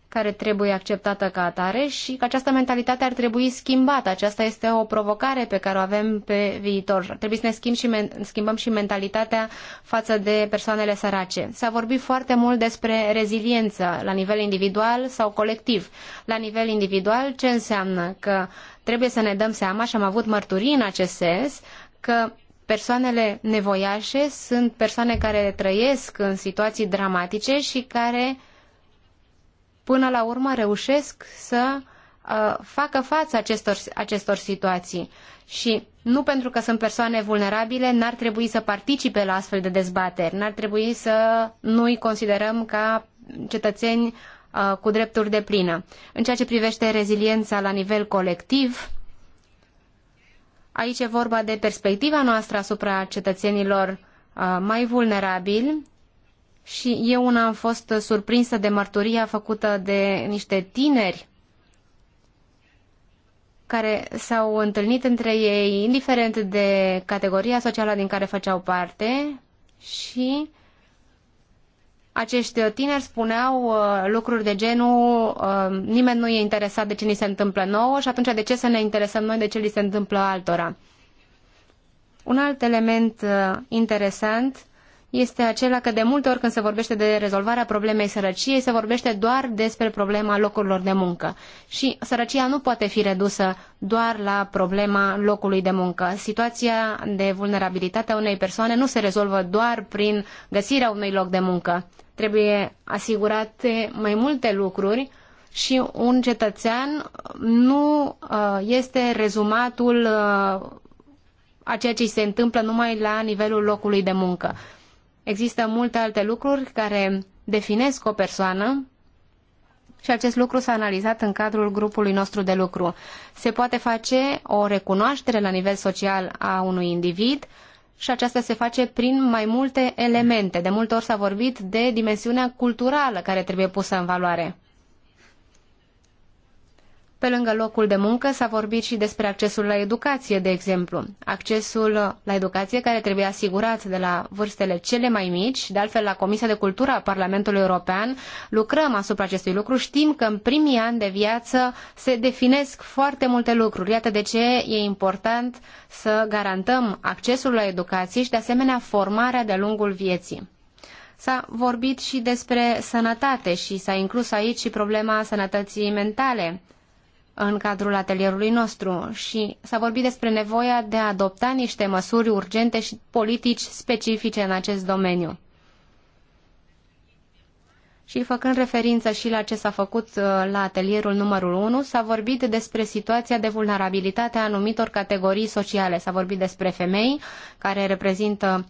care trebuie acceptată ca atare și că această mentalitate ar trebui schimbată. Aceasta este o provocare pe care o avem pe viitor. Ar trebui să ne schimb și schimbăm și mentalitatea față de persoanele sărace. S-a vorbit foarte mult despre reziliență la nivel individual sau colectiv. La nivel individual, ce înseamnă? Că trebuie să ne dăm seama, și am avut mărturii în acest sens, că Persoanele nevoiașe sunt persoane care trăiesc în situații dramatice și care până la urmă reușesc să uh, facă față acestor, acestor situații. Și nu pentru că sunt persoane vulnerabile, n-ar trebui să participe la astfel de dezbateri, n-ar trebui să nu-i considerăm ca cetățeni uh, cu drepturi de plină. În ceea ce privește reziliența la nivel colectiv, uh, Aici e vorba de perspectiva noastră asupra cetățenilor uh, mai vulnerabili și eu una am fost surprinsă de mărturia făcută de niște tineri care s-au întâlnit între ei, indiferent de categoria socială din care făceau parte și acești tineri spuneau uh, lucruri de genul uh, nimeni nu e interesat de ce ni se întâmplă nouă și atunci de ce să ne interesăm noi de ce li se întâmplă altora. Un alt element uh, interesant este acela că de multe ori când se vorbește de rezolvarea problemei sărăciei, se vorbește doar despre problema locurilor de muncă. Și sărăcia nu poate fi redusă doar la problema locului de muncă. Situația de vulnerabilitate a unei persoane nu se rezolvă doar prin găsirea unui loc de muncă. Trebuie asigurate mai multe lucruri și un cetățean nu uh, este rezumatul uh, a ceea ce se întâmplă numai la nivelul locului de muncă. Există multe alte lucruri care definesc o persoană și acest lucru s-a analizat în cadrul grupului nostru de lucru. Se poate face o recunoaștere la nivel social a unui individ și aceasta se face prin mai multe elemente. De multe ori s-a vorbit de dimensiunea culturală care trebuie pusă în valoare. Pe lângă locul de muncă s-a vorbit și despre accesul la educație, de exemplu. Accesul la educație care trebuie asigurat de la vârstele cele mai mici, de altfel la Comisia de Cultură a Parlamentului European lucrăm asupra acestui lucru. Știm că în primii ani de viață se definesc foarte multe lucruri. Iată de ce e important să garantăm accesul la educație și de asemenea formarea de-a lungul vieții. S-a vorbit și despre sănătate și s-a inclus aici și problema sănătății mentale în cadrul atelierului nostru și s-a vorbit despre nevoia de a adopta niște măsuri urgente și politici specifice în acest domeniu. Și făcând referință și la ce s-a făcut uh, la atelierul numărul 1, s-a vorbit despre situația de vulnerabilitate a anumitor categorii sociale. S-a vorbit despre femei, care reprezintă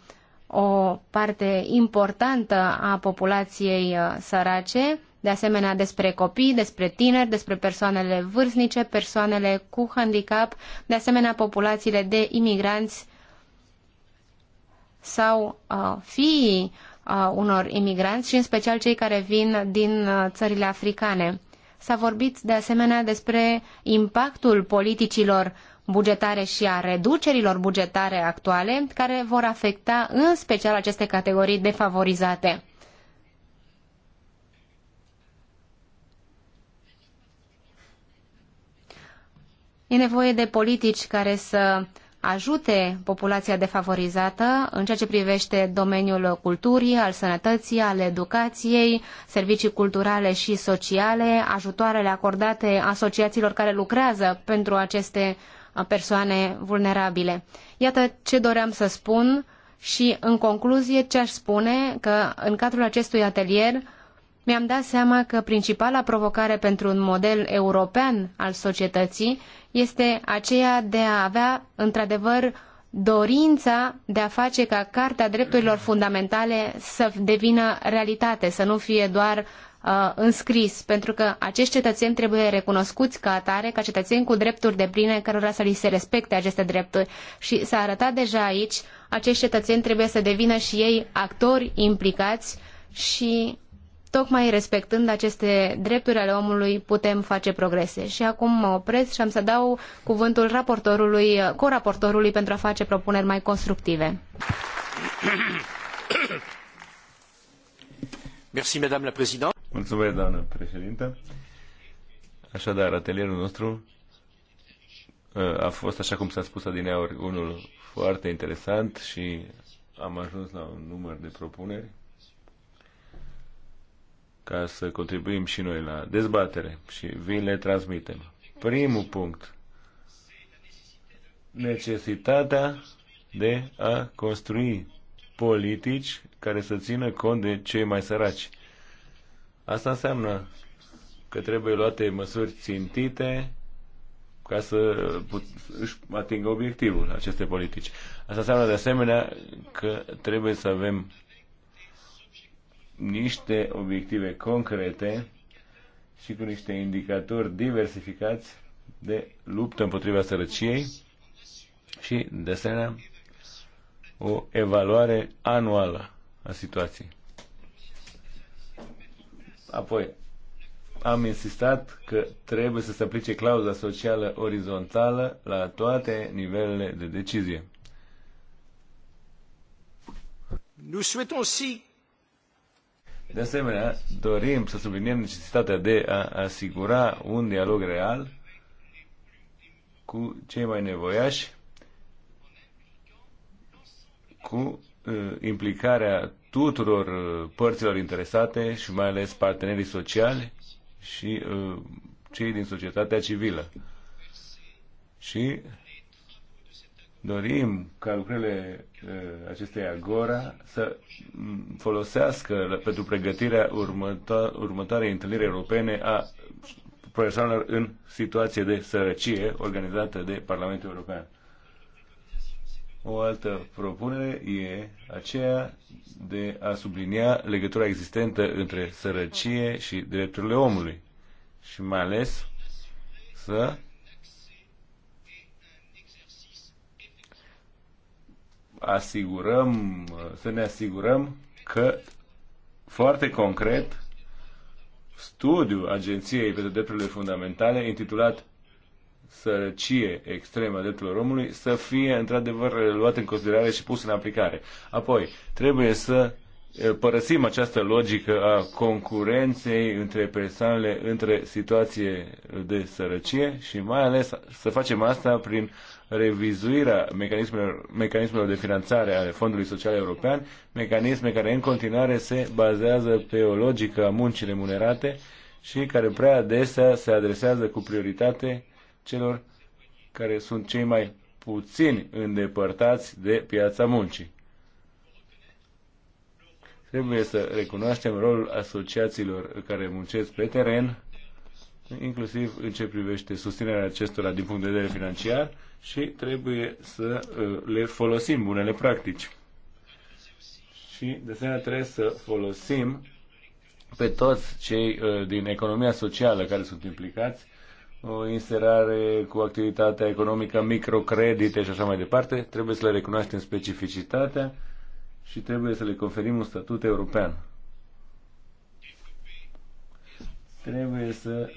o parte importantă a populației uh, sărace, de asemenea despre copii, despre tineri, despre persoanele vârstnice, persoanele cu handicap, de asemenea populațiile de imigranți sau uh, fiii uh, unor imigranți și în special cei care vin din uh, țările africane. S-a vorbit de asemenea despre impactul politicilor bugetare și a reducerilor bugetare actuale, care vor afecta în special aceste categorii defavorizate. E nevoie de politici care să ajute populația defavorizată în ceea ce privește domeniul culturii, al sănătății, al educației, servicii culturale și sociale, ajutoarele acordate asociațiilor care lucrează pentru aceste uh, persoane vulnerabile. Iată ce doream să spun și, în concluzie, ce aș spune că în cadrul acestui atelier mi-am dat seama că principala provocare pentru un model european al societății este aceea de a avea, într-adevăr, dorința de a face ca Carta Drepturilor Fundamentale să devină realitate, să nu fie doar uh, înscris, pentru că acești cetățeni trebuie recunoscuți ca atare, ca cetățeni cu drepturi de pline, cărora să li se respecte aceste drepturi. Și s-a arătat deja aici, acești cetățeni trebuie să devină și ei actori implicați și Tocmai respectând aceste drepturi ale omului putem face progrese. Și acum mă opresc și am să dau cuvântul raportorului, coraportorului pentru a face propuneri mai constructive. Merci, Madame la Mulțumesc, doamnă președintă. Așadar, atelierul nostru uh, a fost, așa cum s-a spus adineauri, unul foarte interesant și am ajuns la un număr de propuneri ca să contribuim și noi la dezbatere și vi le transmitem. Primul punct. Necesitatea de a construi politici care să țină cont de cei mai săraci. Asta înseamnă că trebuie luate măsuri țintite ca să își atingă obiectivul aceste politici. Asta înseamnă de asemenea că trebuie să avem niște obiective concrete și cu niște indicatori diversificați de luptă împotriva sărăciei și, de asemenea, o evaluare anuală a situației. Apoi, am insistat că trebuie să se aplice clauza socială orizontală la toate nivelele de decizie. Nous souhaitons aussi de asemenea, dorim să subliniem necesitatea de a asigura un dialog real cu cei mai nevoiași, cu uh, implicarea tuturor uh, părților interesate și mai ales partenerii sociali și uh, cei din societatea civilă. Și dorim ca lucrurile uh, acestei agora să folosească pentru pregătirea următo- următoarei întâlniri europene a persoanelor în situație de sărăcie organizată de Parlamentul European. O altă propunere e aceea de a sublinia legătura existentă între sărăcie și drepturile omului și mai ales să asigurăm, să ne asigurăm că foarte concret studiul Agenției pentru Drepturile Fundamentale intitulat sărăcie extremă a drepturilor omului să fie într-adevăr luat în considerare și pus în aplicare. Apoi, trebuie să părăsim această logică a concurenței între persoanele, între situație de sărăcie și mai ales să facem asta prin revizuirea mecanismelor, mecanismelor de finanțare ale Fondului Social European, mecanisme care în continuare se bazează pe o logică a muncii remunerate și care prea adesea se adresează cu prioritate celor care sunt cei mai puțini îndepărtați de piața muncii. Trebuie să recunoaștem rolul asociațiilor care muncesc pe teren inclusiv în ce privește susținerea acestora din punct de vedere financiar și trebuie să uh, le folosim, bunele practici. Și de asemenea trebuie să folosim pe toți cei uh, din economia socială care sunt implicați, o inserare cu activitatea economică, microcredite și așa mai departe, trebuie să le recunoaștem specificitatea și trebuie să le conferim un statut european. Trebuie să,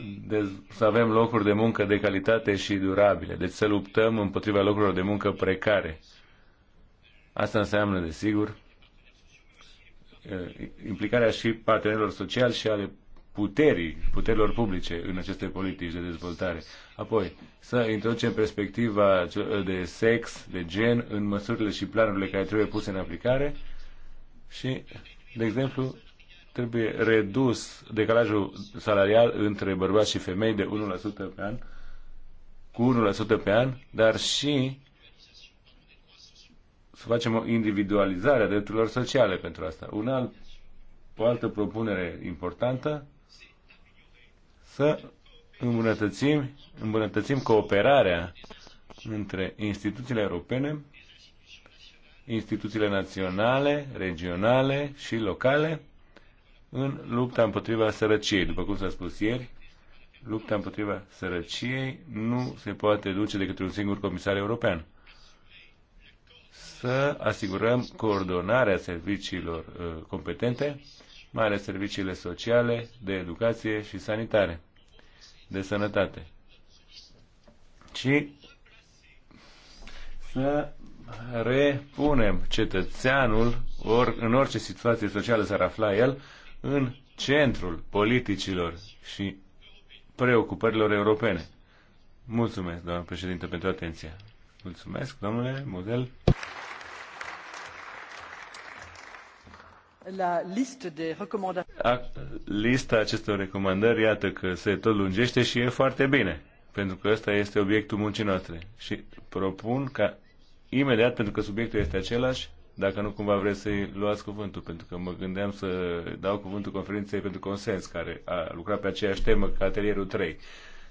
să avem locuri de muncă de calitate și durabile, deci să luptăm împotriva locurilor de muncă precare. Asta înseamnă, desigur, eh, implicarea și partenerilor sociali și ale puterii, puterilor publice în aceste politici de dezvoltare. Apoi, să introducem perspectiva de sex, de gen, în măsurile și planurile care trebuie puse în aplicare și, de exemplu, trebuie redus decalajul salarial între bărbați și femei de 1% pe an, cu 1% pe an, dar și să facem o individualizare a drepturilor sociale pentru asta. Un alt, o altă propunere importantă, să îmbunătățim, îmbunătățim cooperarea între instituțiile europene, instituțiile naționale, regionale și locale, în lupta împotriva sărăciei. După cum s-a spus ieri, lupta împotriva sărăciei nu se poate duce de către un singur comisar european. Să asigurăm coordonarea serviciilor uh, competente, mai ales serviciile sociale, de educație și sanitare, de sănătate. Și să repunem cetățeanul or, în orice situație socială s-ar afla el în centrul politicilor și preocupărilor europene. Mulțumesc, doamnă președinte, pentru atenție. Mulțumesc, domnule model. La listă de recomandări. Lista acestor recomandări, iată că se tot lungește și e foarte bine, pentru că ăsta este obiectul muncii noastre. Și propun ca imediat, pentru că subiectul este același, dacă nu cumva vreți să-i luați cuvântul, pentru că mă gândeam să dau cuvântul conferinței pentru consens, care a lucrat pe aceeași temă ca atelierul 3.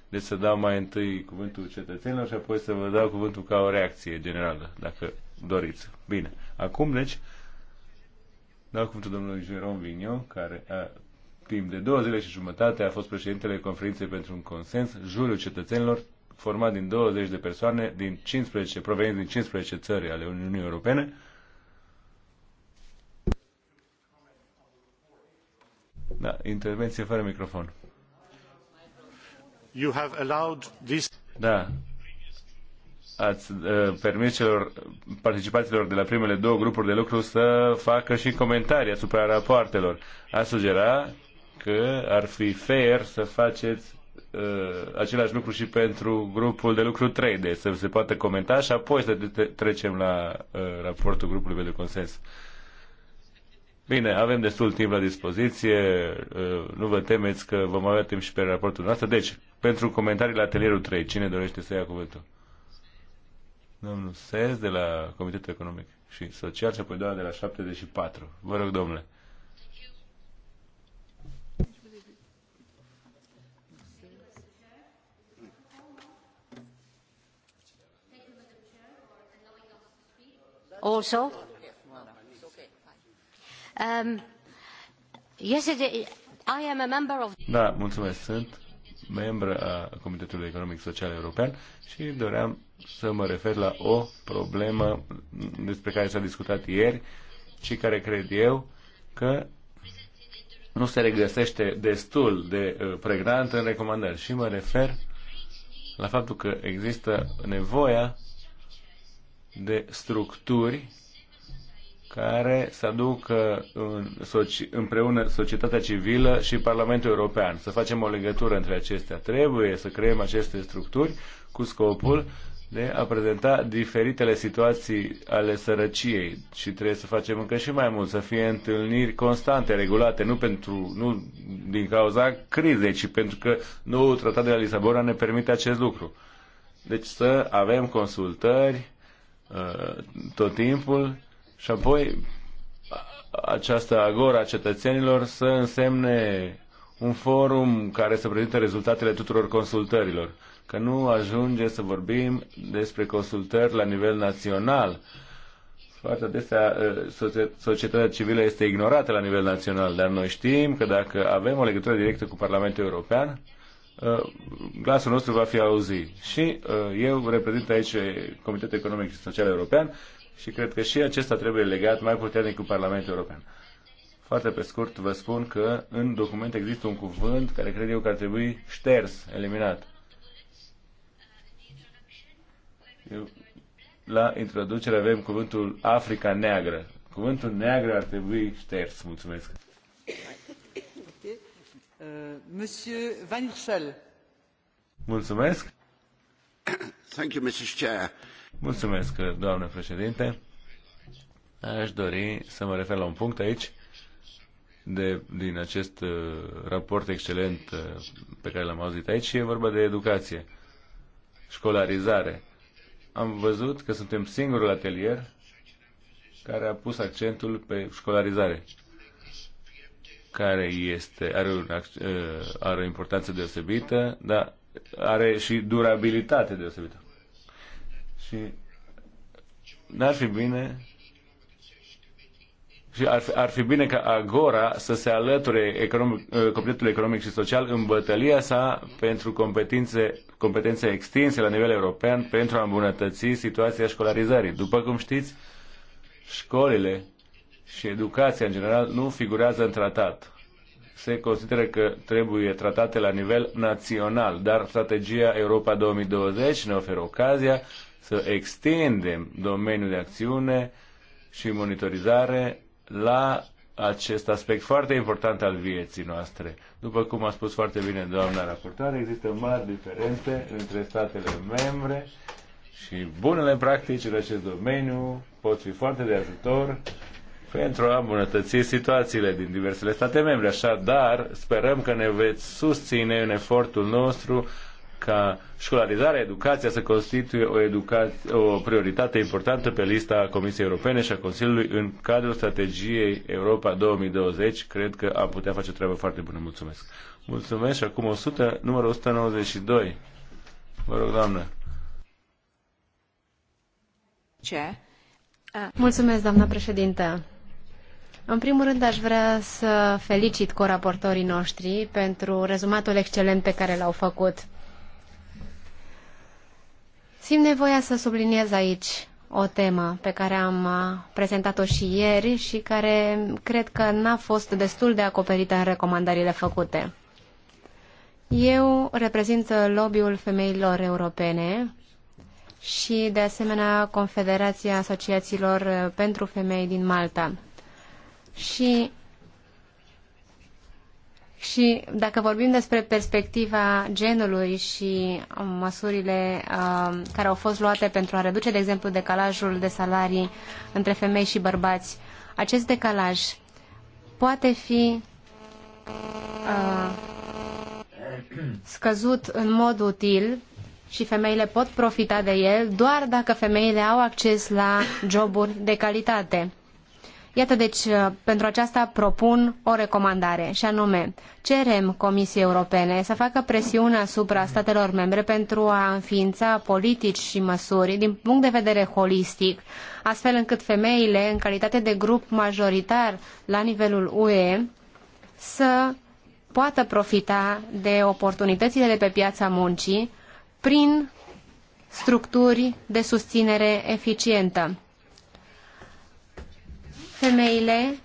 Deci să dau mai întâi cuvântul cetățenilor și apoi să vă dau cuvântul ca o reacție generală, dacă doriți. Bine. Acum, deci, dau cuvântul domnului Jerome Vignon, care a, timp de două zile și jumătate a fost președintele conferinței pentru un consens, juriul cetățenilor, format din 20 de persoane din 15, provenind din 15 țări ale Uniunii Europene, Da, intervenție fără microfon. You have allowed this... Da. Ați uh, permis celor participanților de la primele două grupuri de lucru să facă și comentarii asupra rapoartelor. A sugera că ar fi fair să faceți uh, același lucru și pentru grupul de lucru 3, de să se poată comenta și apoi să trecem la uh, raportul grupului pentru consens. Uh, Bine, avem destul timp la dispoziție, uh, nu vă temeți că vom avea timp și pe raportul nostru. Deci, pentru comentarii la atelierul 3, cine dorește să ia cuvântul? Domnul Sez de la Comitetul Economic și Social și apoi doamna de la 74. Vă rog, domnule. Also, Um, da, mulțumesc. Sunt membră a Comitetului Economic Social European și doream să mă refer la o problemă despre care s-a discutat ieri și care cred eu că nu se regăsește destul de uh, pregnant în recomandări și mă refer la faptul că există nevoia de structuri care să aducă împreună societatea civilă și Parlamentul European. Să facem o legătură între acestea. Trebuie să creăm aceste structuri cu scopul de a prezenta diferitele situații ale sărăciei și trebuie să facem încă și mai mult, să fie întâlniri constante, regulate, nu pentru, nu din cauza crizei, ci pentru că nou tratat de la Lisabona ne permite acest lucru. Deci să avem consultări uh, tot timpul și apoi această agora a cetățenilor să însemne un forum care să prezinte rezultatele tuturor consultărilor. Că nu ajunge să vorbim despre consultări la nivel național. Foarte adesea ă, societatea civilă este ignorată la nivel național, dar noi știm că dacă avem o legătură directă cu Parlamentul European, ă, glasul nostru va fi auzit. Și ă, eu reprezint aici Comitetul Economic și Social European și cred că și acesta trebuie legat mai puternic cu Parlamentul European. Foarte pe scurt vă spun că în document există un cuvânt care cred eu că ar trebui șters, eliminat. la introducere avem cuvântul Africa Neagră. Cuvântul neagră ar trebui șters. Mulțumesc. Monsieur Van Mulțumesc. Thank you, Mrs. Chair. Mulțumesc, doamnă președinte. Aș dori să mă refer la un punct aici de, din acest uh, raport excelent uh, pe care l-am auzit aici și e vorba de educație, școlarizare. Am văzut că suntem singurul atelier care a pus accentul pe școlarizare, care este, are, un, uh, are o importanță deosebită, dar are și durabilitate deosebită. Și n-ar fi bine și ar fi, ar fi bine ca Agora să se alăture economic, ă, Comitetul Economic și Social în bătălia sa pentru competențe, competențe extinse la nivel european pentru a îmbunătăți situația școlarizării. După cum știți, școlile și educația în general nu figurează în tratat. Se consideră că trebuie tratate la nivel național, dar strategia Europa 2020 ne oferă ocazia să extindem domeniul de acțiune și monitorizare la acest aspect foarte important al vieții noastre. După cum a spus foarte bine doamna raportoare, există mari diferențe între statele membre și bunele practici în acest domeniu pot fi foarte de ajutor pentru a îmbunătăți situațiile din diversele state membre. Așadar, sperăm că ne veți susține în efortul nostru ca școlarizarea, educația să constituie o, educa- o prioritate importantă pe lista Comisiei Europene și a Consiliului în cadrul strategiei Europa 2020. Cred că am putea face o treabă foarte bună. Mulțumesc. Mulțumesc și acum 100, numărul 192. Vă rog, doamnă. Ce? Mulțumesc, doamna președintă. În primul rând aș vrea să felicit coraportorii noștri pentru rezumatul excelent pe care l-au făcut. Simt nevoia să subliniez aici o temă pe care am uh, prezentat-o și ieri și care cred că n-a fost destul de acoperită în recomandările făcute. Eu reprezint uh, lobby-ul femeilor europene și, de asemenea, Confederația Asociațiilor uh, pentru Femei din Malta. Și și dacă vorbim despre perspectiva genului și um, măsurile uh, care au fost luate pentru a reduce, de exemplu, decalajul de salarii între femei și bărbați, acest decalaj poate fi uh, scăzut în mod util și femeile pot profita de el doar dacă femeile au acces la joburi de calitate. Iată deci, uh, pentru aceasta propun o recomandare, și anume, cerem Comisiei Europene să facă presiune asupra statelor membre pentru a înființa politici și măsuri din punct de vedere holistic, astfel încât femeile, în calitate de grup majoritar la nivelul UE, să poată profita de oportunitățile de pe piața muncii prin structuri de susținere eficientă femeile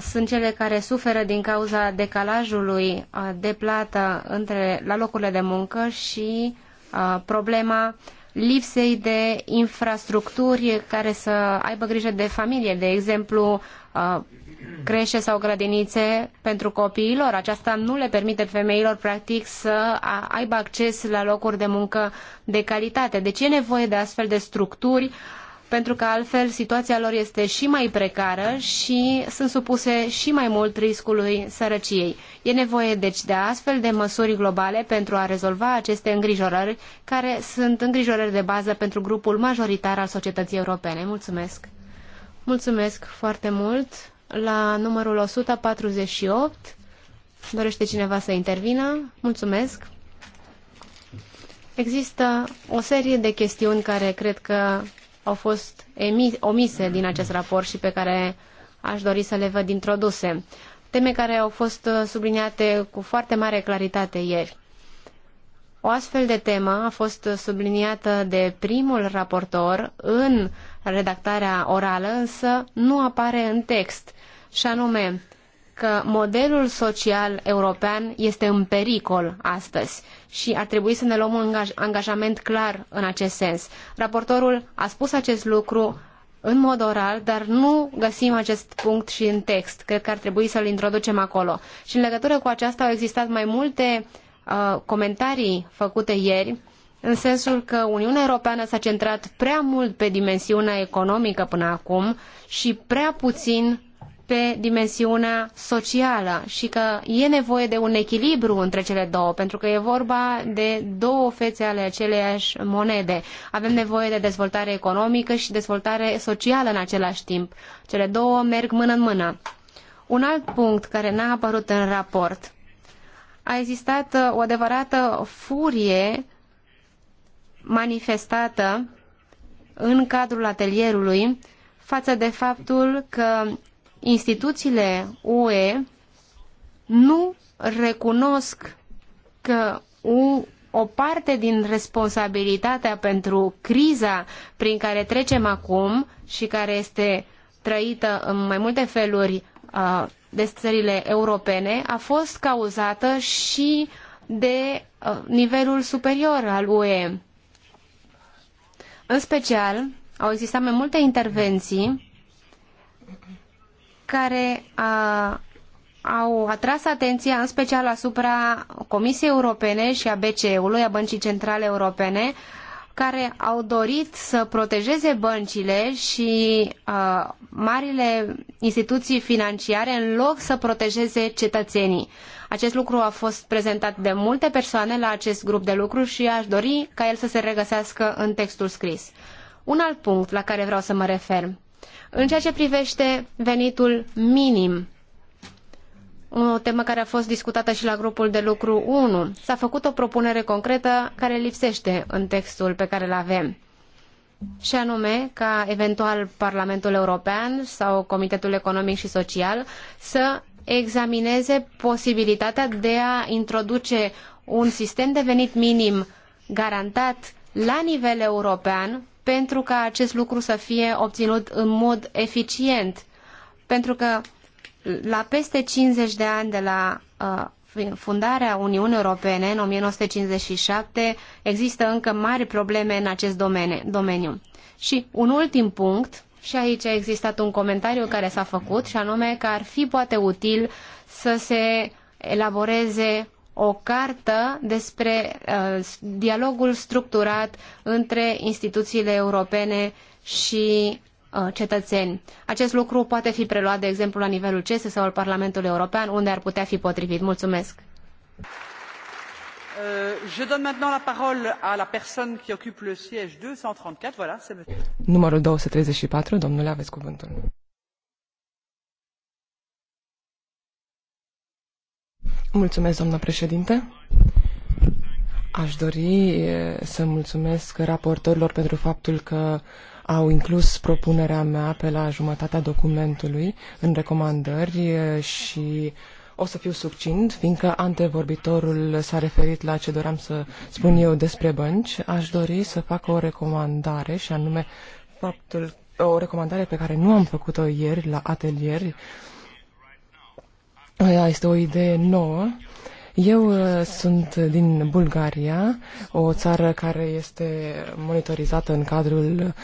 sunt cele care suferă din cauza decalajului de plată între, la locurile de muncă și a, problema lipsei de infrastructuri care să aibă grijă de familie, de exemplu a, creșe sau grădinițe pentru copiilor. Aceasta nu le permite femeilor, practic, să aibă acces la locuri de muncă de calitate. Deci e nevoie de astfel de structuri uh, pentru că altfel situația lor este și mai precară și sunt supuse și mai mult riscului sărăciei. E nevoie deci de astfel de măsuri globale pentru a rezolva aceste îngrijorări, care sunt îngrijorări de bază pentru grupul majoritar al societății europene. Mulțumesc! Mulțumesc foarte mult! La numărul 148 dorește cineva să intervină? Mulțumesc! Există o serie de chestiuni care cred că au fost omise din acest raport și pe care aș dori să le văd introduse. Teme care au fost uh, subliniate cu foarte mare claritate ieri. O astfel de temă a fost subliniată de primul raportor în redactarea orală, însă nu apare în text, și anume că modelul social european este în pericol astăzi și ar trebui să ne luăm un angajament clar în acest sens. Raportorul a spus acest lucru în mod oral, dar nu găsim acest punct și în text. Cred că ar trebui să-l introducem acolo. Și în legătură cu aceasta au existat mai multe uh, comentarii făcute ieri în sensul că Uniunea Europeană s-a centrat prea mult pe dimensiunea economică până acum și prea puțin pe dimensiunea socială și că e nevoie de un echilibru între cele două, pentru că e vorba de două fețe ale aceleiași monede. Avem nevoie de dezvoltare economică și dezvoltare socială în același timp. Cele două merg mână în mână. Un alt punct care n-a apărut în raport. A existat uh, o adevărată furie manifestată în cadrul atelierului față de faptul că instituțiile UE nu recunosc că o parte din responsabilitatea pentru criza prin care trecem acum și care este trăită în mai multe feluri de țările europene a fost cauzată și de nivelul superior al UE. În special, au existat mai multe intervenții care a, au atras atenția în special asupra Comisiei Europene și a BCE-ului, a Băncii Centrale Europene, care au dorit să protejeze băncile și uh, marile instituții financiare în loc să protejeze cetățenii. Acest lucru a fost prezentat de multe persoane la acest grup de lucru și aș dori ca el să se regăsească în textul scris. Un alt punct la care vreau să mă refer. În ceea ce privește venitul minim, o temă care a fost discutată și la grupul de lucru 1, s-a făcut o propunere concretă care lipsește în textul pe care îl avem și anume ca eventual Parlamentul European sau Comitetul Economic și Social să examineze posibilitatea de a introduce un sistem de venit minim garantat la nivel european pentru ca acest lucru să fie obținut în mod eficient. Pentru că la peste 50 de ani de la uh, fundarea Uniunii Europene, în 1957, există încă mari probleme în acest domeniu. Și un ultim punct, și aici a existat un comentariu care s-a făcut, și anume că ar fi poate util să se elaboreze o carte despre uh, dialogul structurat între instituțiile europene și uh, cetățeni. Acest lucru poate fi preluat, de exemplu, la nivelul CESE sau al Parlamentului European, unde ar putea fi potrivit. Mulțumesc! Uh, je donne maintenant la parole à la personne qui occupe le siège 234. Voilà, Numărul 234, domnule, aveți cuvântul. Mulțumesc, doamnă președinte. Aș dori să mulțumesc raportorilor pentru faptul că au inclus propunerea mea pe la jumătatea documentului în recomandări și o să fiu succint, fiindcă antevorbitorul s-a referit la ce doream să spun eu despre bănci. Aș dori să fac o recomandare și anume faptul, o recomandare pe care nu am făcut-o ieri la atelier este o idee nouă. Eu uh, sunt din Bulgaria, o țară care este monitorizată în cadrul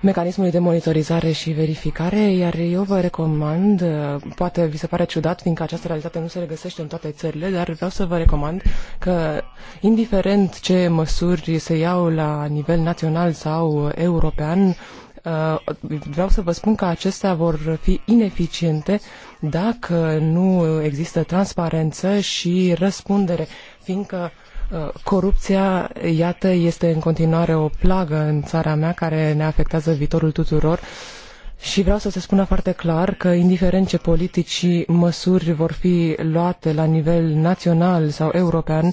mecanismului de monitorizare și verificare, iar eu vă recomand, uh, poate vi se pare ciudat, fiindcă această realitate nu se regăsește în toate țările, dar vreau să vă recomand că, indiferent ce măsuri se iau la nivel național sau european, uh, vreau să vă spun că acestea vor fi ineficiente dacă nu există transparență și răspundere, fiindcă uh, Corupția, iată, este în continuare o plagă în țara mea care ne afectează viitorul tuturor și vreau să se spună foarte clar că, indiferent ce politici măsuri vor fi luate la nivel național sau european,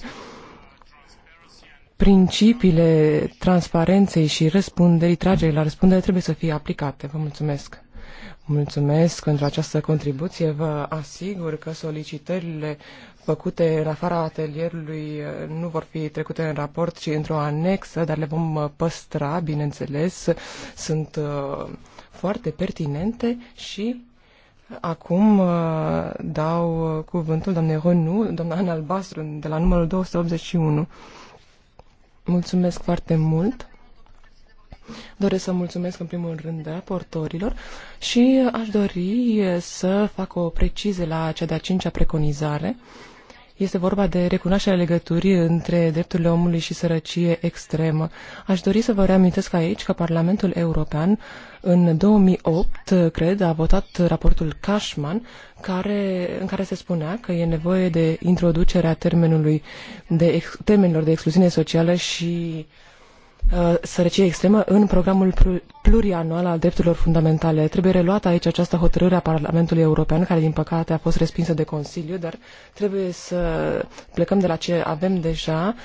principiile transparenței și răspunderii, tragerii la răspundere trebuie să fie aplicate. Vă mulțumesc! Mulțumesc pentru această contribuție. Vă asigur că solicitările făcute în afara atelierului uh, nu vor fi trecute în raport, ci într-o anexă, dar le vom uh, păstra, bineînțeles. Sunt uh, foarte pertinente și acum dau cuvântul doamnei Renu, doamna Ana Albastru, de la numărul 281. Mulțumesc foarte mult. Doresc să mulțumesc în primul rând raportorilor și aș dori să fac o precizie la cea de-a cincea preconizare. Este vorba de recunoașterea legăturii între drepturile omului și sărăcie extremă. Aș dori să vă reamintesc aici că Parlamentul European în 2008, cred, a votat raportul Cashman, care, în care se spunea că e nevoie de introducerea termenului de termenilor de excluziune socială și Uh, sărăcie extremă în programul plurianual al drepturilor fundamentale. Trebuie reluată aici această hotărâre a Parlamentului European, care din păcate a fost respinsă de Consiliu, dar trebuie să plecăm de la ce avem deja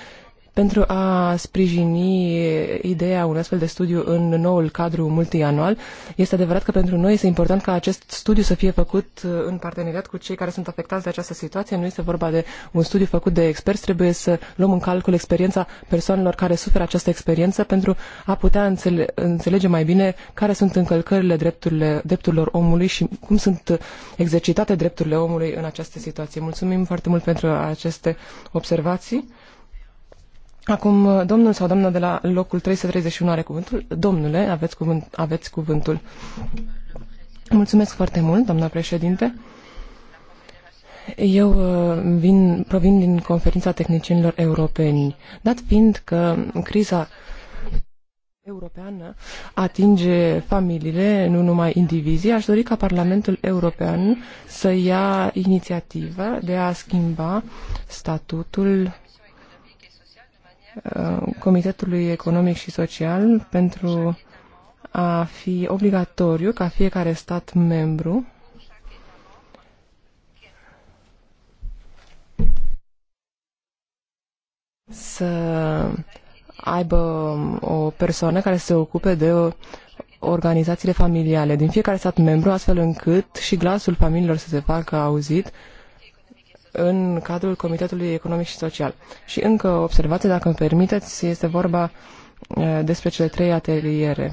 pentru a sprijini ideea un astfel de studiu în noul cadru multianual. Este adevărat că pentru noi este important ca acest studiu să fie făcut uh, în parteneriat cu cei care sunt afectați de această situație. Nu este vorba de un studiu făcut de experți, trebuie să luăm în calcul experiența persoanelor care suferă această experiență pentru a putea înțele înțelege mai bine care sunt încălcările drepturilor omului și cum sunt exercitate drepturile omului în această situație. Mulțumim foarte mult pentru aceste observații. Acum, domnul sau doamna de la locul 331 are cuvântul. Domnule, aveți, cuvânt, aveți cuvântul. Mulțumesc foarte mult, doamna președinte. Eu uh, vin, provin din conferința tehnicienilor europeni, dat fiind că criza europeană atinge familiile, nu numai indivizii, aș dori ca Parlamentul European să ia inițiativa de a schimba statutul Uh, Comitetului Economic și Social pentru a fi obligatoriu ca fiecare stat membru să aibă o persoană care se ocupe de organizațiile familiale din fiecare stat membru, astfel încât și glasul familiilor să se facă auzit în cadrul Comitetului Economic și Social. Și încă o observație, dacă îmi permiteți, este vorba despre cele trei ateliere.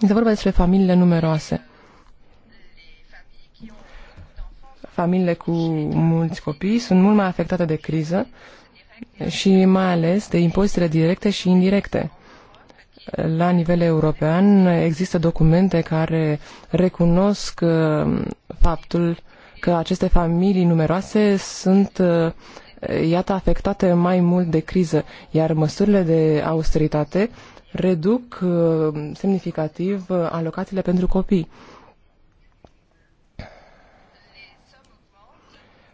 Este vorba despre familiile numeroase. Familiile cu mulți copii sunt mult mai afectate de criză și mai ales de impozitele directe și indirecte. La nivel european există documente care recunosc faptul că aceste familii numeroase sunt, uh, iată, afectate mai mult de criză, iar măsurile de austeritate reduc uh, semnificativ uh, alocațiile pentru copii.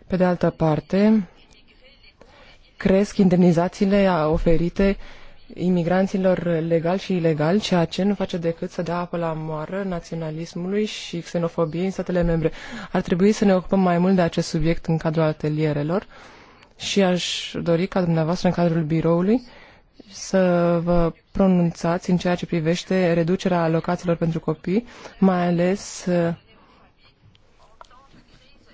Pe de altă parte, cresc indemnizațiile oferite uh, imigranților legal și ilegal, ceea ce nu face decât să dea apă la moară naționalismului și xenofobiei în statele membre. Ar trebui să ne ocupăm mai mult de acest subiect în cadrul atelierelor și aș dori ca dumneavoastră în cadrul biroului să vă pronunțați în ceea ce privește reducerea alocațiilor pentru copii, mai ales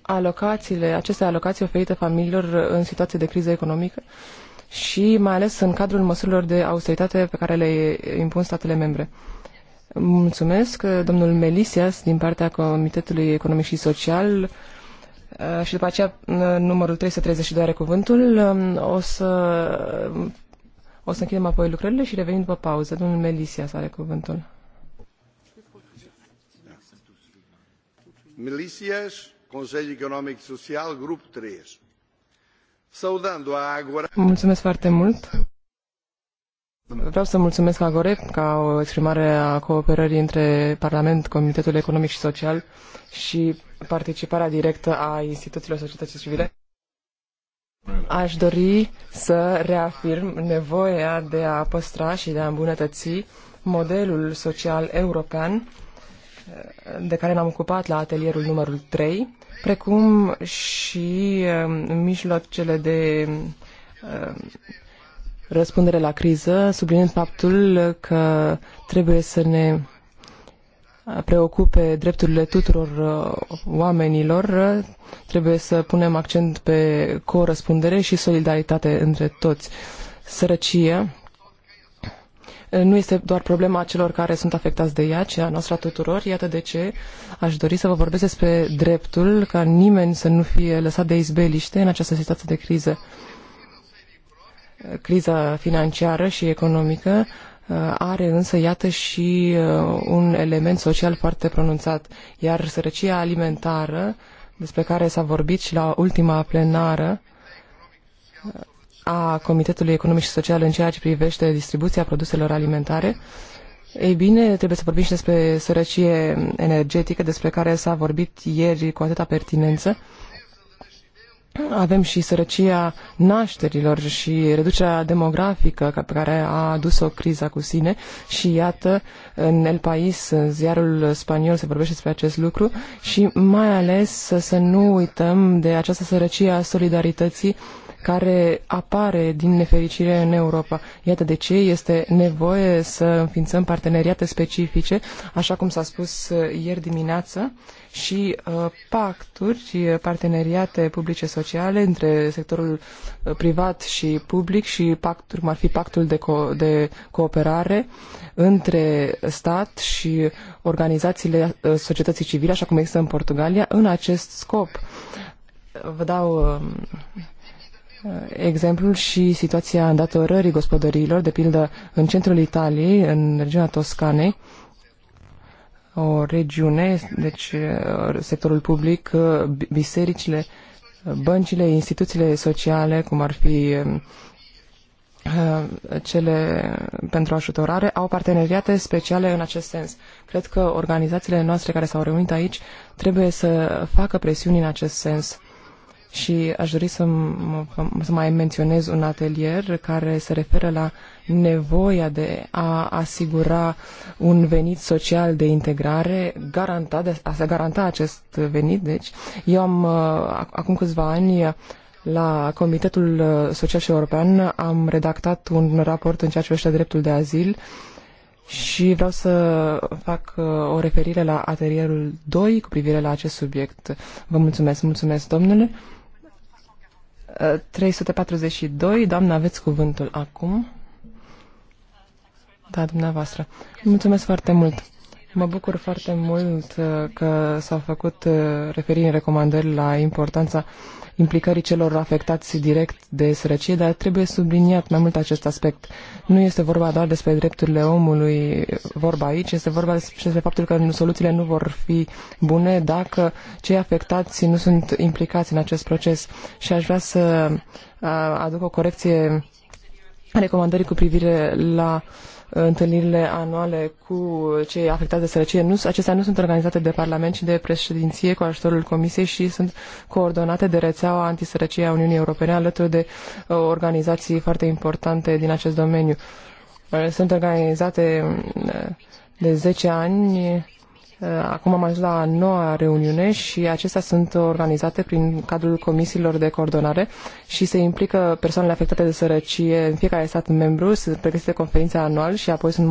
alocațiile, aceste alocații oferite familiilor în situații de criză economică și mai ales în cadrul măsurilor de austeritate pe care le impun statele membre. Mulțumesc, domnul Melisias, din partea Comitetului Economic și Social, uh, și după aceea uh, numărul 332 are cuvântul. Um, o să, o să închidem apoi lucrările și revenim după pauză. Domnul Melisias are cuvântul. Melisias, Consiliul Economic Social, grup 3. Mulțumesc foarte mult. Vreau să mulțumesc Agore ca o exprimare a cooperării între Parlament, Comitetul Economic și Social și participarea directă a instituțiilor societății civile. Aș dori să reafirm nevoia de a păstra și de a îmbunătăți modelul social european de care ne-am ocupat la atelierul numărul 3 precum și um, mijloacele de um, răspundere la criză, subliniind faptul că trebuie să ne preocupe drepturile tuturor uh, oamenilor, trebuie să punem accent pe corăspundere și solidaritate între toți. Sărăcie nu este doar problema celor care sunt afectați de ea, ci a noastră a tuturor. Iată de ce aș dori să vă vorbesc despre dreptul ca nimeni să nu fie lăsat de izbeliște în această situație de criză. Criza financiară și economică uh, are însă, iată, și uh, un element social foarte pronunțat, iar sărăcia alimentară, despre care s-a vorbit și la ultima plenară, a Comitetului Economic și Social în ceea ce privește distribuția produselor alimentare, ei bine, trebuie să vorbim și despre sărăcie energetică, despre care s-a vorbit ieri cu atâta pertinență. Avem și sărăcia nașterilor și reducerea demografică pe care a adus o criza cu sine și iată, în El País, în ziarul spaniol, se vorbește despre acest lucru și mai ales să nu uităm de această sărăcie a solidarității care apare din nefericire în Europa. Iată de ce este nevoie să înființăm parteneriate specifice, așa cum s-a spus uh, ieri dimineață, și uh, pacturi, uh, parteneriate publice sociale între sectorul uh, privat și public și pacturi, cum ar fi pactul de, co- de cooperare între stat și organizațiile societății civile, așa cum există în Portugalia, în acest scop. Vă dau uh, exemplul și situația îndatorării gospodăriilor, de pildă în centrul Italiei, în regiunea Toscanei, o regiune, deci sectorul public, bisericile, băncile, instituțiile sociale, cum ar fi cele pentru ajutorare, au parteneriate speciale în acest sens. Cred că organizațiile noastre care s-au reunit aici trebuie să facă presiuni în acest sens și aș dori să, să mai menționez un atelier care se referă la nevoia de a asigura un venit social de integrare, garantat, de a se garanta acest venit. Deci, eu am, uh, acum câțiva ani, la Comitetul uh, Social și European am redactat un raport în ceea ce privește dreptul de azil și vreau să fac uh, o referire la atelierul 2 cu privire la acest subiect. Vă mulțumesc, mulțumesc, domnule. 342, doamna, aveți cuvântul acum. Da, dumneavoastră. Mulțumesc foarte mult. Mă bucur foarte mult uh, că s-au făcut uh, referiri în recomandări la importanța implicării celor afectați direct de sărăcie, dar trebuie subliniat mai mult acest aspect. Nu este vorba doar despre drepturile omului, vorba aici, este vorba despre faptul că soluțiile nu vor fi bune dacă cei afectați nu sunt implicați în acest proces. Și aș vrea să uh, aduc o corecție recomandării cu privire la uh, întâlnirile anuale cu cei afectați de sărăcie. Nu, acestea nu sunt organizate de Parlament, ci de președinție cu ajutorul Comisiei și sunt coordonate de rețeaua antisărăcie a Uniunii Europene alături de uh, organizații foarte importante din acest domeniu. Uh, sunt organizate de 10 ani Uh, acum am ajuns la noua reuniune și acestea sunt organizate prin cadrul comisiilor de coordonare și se implică persoanele afectate de sărăcie în fiecare stat membru, se pregătește conferințe anual și apoi sunt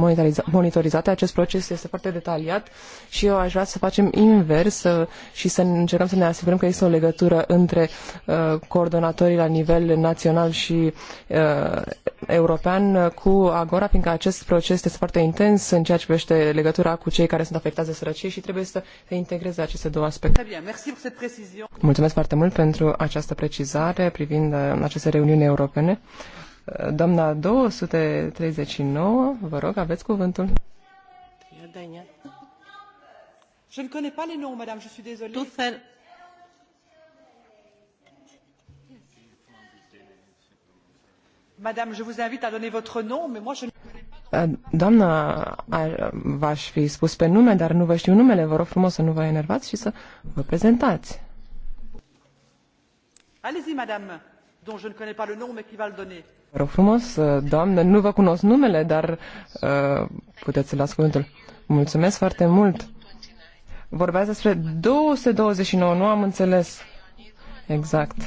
monitorizate. Acest proces este foarte detaliat și eu aș vrea să facem invers și să încercăm să ne asigurăm că există o legătură între uh, coordonatorii la nivel național și uh, european cu Agora, fiindcă acest proces este foarte intens în ceea ce privește legătura cu cei care sunt afectați de sărăcie asocieri și trebuie să se integreze aceste două aspecte. Mulțumesc foarte mult pentru această precizare privind uh, aceste reuniuni europene. Uh, doamna 239, vă rog, aveți cuvântul. Je ne connais pas les noms, madame, je suis désolée. Madame, je vous invite à donner votre nom, mais moi je ne Doamna, v-aș fi spus pe nume, dar nu vă știu numele. Vă rog frumos să nu vă enervați și să vă prezentați. Allez-y, madame, dont je ne connais pas le nom, mais qui va le donner. Vă rog frumos, uh, doamnă, nu vă cunosc numele, dar uh, puteți să l cuvântul. Mulțumesc foarte mult. Vorbeați despre 229, nu am înțeles. Exact.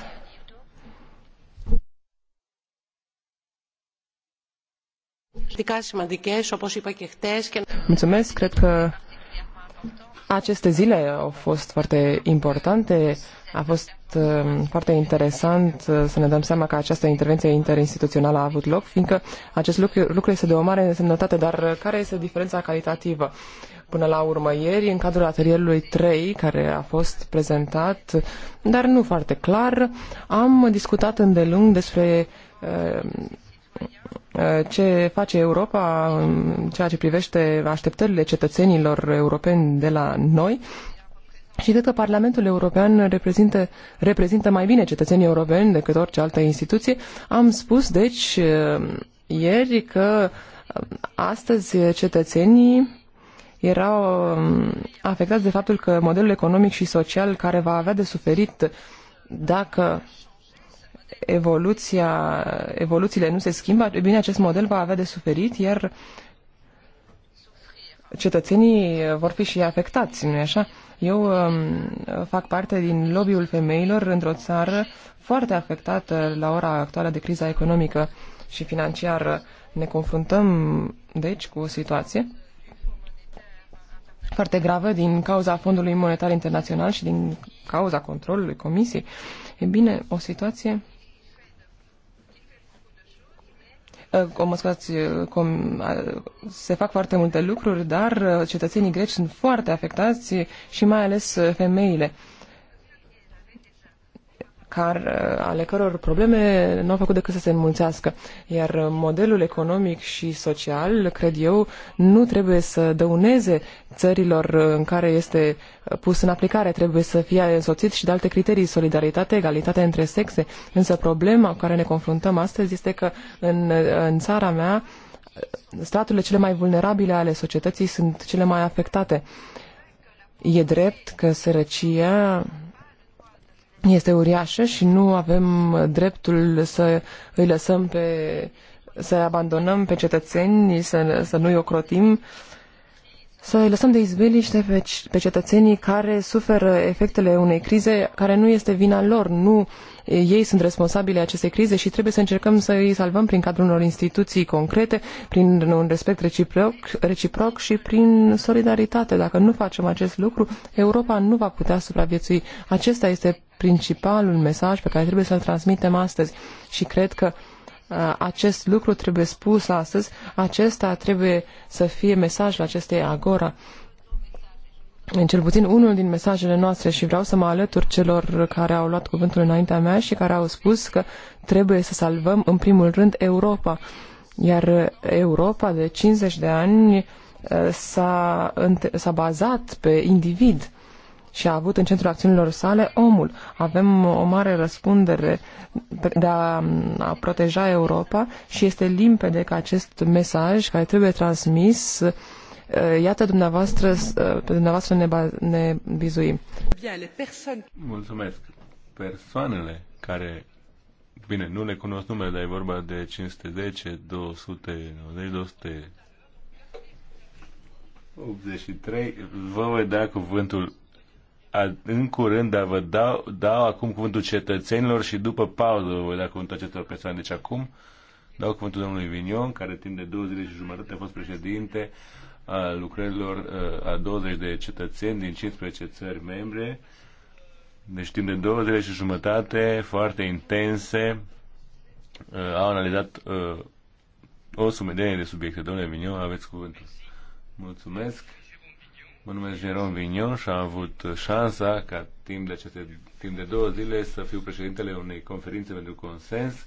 Mulțumesc, cred că aceste zile au fost foarte importante. A fost uh, foarte interesant uh, să ne dăm seama că această intervenție interinstituțională a avut loc, fiindcă acest lucru, lucru este de o mare însemnătate, dar uh, care este diferența calitativă? Până la urmă, ieri, în cadrul atelierului 3, care a fost prezentat, dar nu foarte clar, am discutat îndelung despre ce face Europa în ceea ce privește așteptările cetățenilor europeni de la noi. Și cred că Parlamentul European reprezintă, reprezintă mai bine cetățenii europeni decât orice altă instituție. Am spus, deci, ieri că um, astăzi cetățenii erau um, afectați de faptul că modelul economic și social care va avea de suferit dacă evoluția, evoluțiile nu se schimbă, bine, acest model va avea de suferit, iar cetățenii vor fi și afectați, nu-i așa? Eu um, fac parte din lobby-ul femeilor într-o țară foarte afectată la ora actuală de criza economică și financiară. Ne confruntăm, deci, cu o situație foarte gravă din cauza Fondului Monetar Internațional și din cauza controlului Comisiei. E bine, o situație Eh, mă scuzați, eh, com, se fac foarte multe lucruri, dar eh, cetățenii greci sunt foarte afectați și mai ales femeile care, uh, ale căror probleme nu au făcut decât să se înmulțească. Iar uh, modelul economic și social, cred eu, nu trebuie să dăuneze țărilor uh, în care este pus în aplicare. Trebuie să fie însoțit și de alte criterii, solidaritate, egalitate între sexe. Însă problema cu care ne confruntăm astăzi este că în, în țara mea straturile cele mai vulnerabile ale societății sunt cele mai afectate. E drept că sărăcia este uriașă și nu avem dreptul să îi lăsăm pe să abandonăm pe cetățeni, să, să nu-i ocrotim, să îi lăsăm de izbeliște pe, pe cetățenii care suferă efectele unei crize care nu este vina lor, nu uh, ei sunt responsabili acestei crize și trebuie să încercăm să îi salvăm prin cadrul unor instituții concrete, prin un respect reciproc, reciproc și prin solidaritate. Dacă nu facem acest lucru, Europa nu va putea supraviețui. Acesta este principalul mesaj pe care trebuie să-l transmitem astăzi și cred că acest lucru trebuie spus astăzi, acesta trebuie să fie mesajul acestei agora în cel puțin unul din mesajele noastre și vreau să mă alătur celor care au luat cuvântul înaintea mea și care au spus că trebuie să salvăm în primul rând Europa. Iar Europa de 50 de ani eh, s-a, s-a bazat pe individ și a avut în centrul acțiunilor sale omul. Avem o mare răspundere de a, a proteja Europa și este limpede că acest mesaj care trebuie transmis uh, Eh, iată, dumneavoastră, eh, pe dumneavoastră ne, ba, ne bizuim. Mulțumesc. Persoanele care, bine, nu le cunosc numele, dar e vorba de 510, 290, 200, 83, vă voi da cuvântul a, în curând, dar vă dau, dau acum cuvântul cetățenilor și după pauză vă voi da cuvântul acestor persoane. Deci acum dau cuvântul domnului Vignon, care timp de două zile și jumătate a fost președinte a lucrărilor a 20 de cetățeni din 15 țări membre. Deci timp de două zile și jumătate, foarte intense, au analizat o sumedenie de subiecte. Domnule Vignon, aveți cuvântul. Mulțumesc. Mă numesc Jeron Vignon și am avut șansa ca timp de, aceste, timp de două zile să fiu președintele unei conferințe pentru consens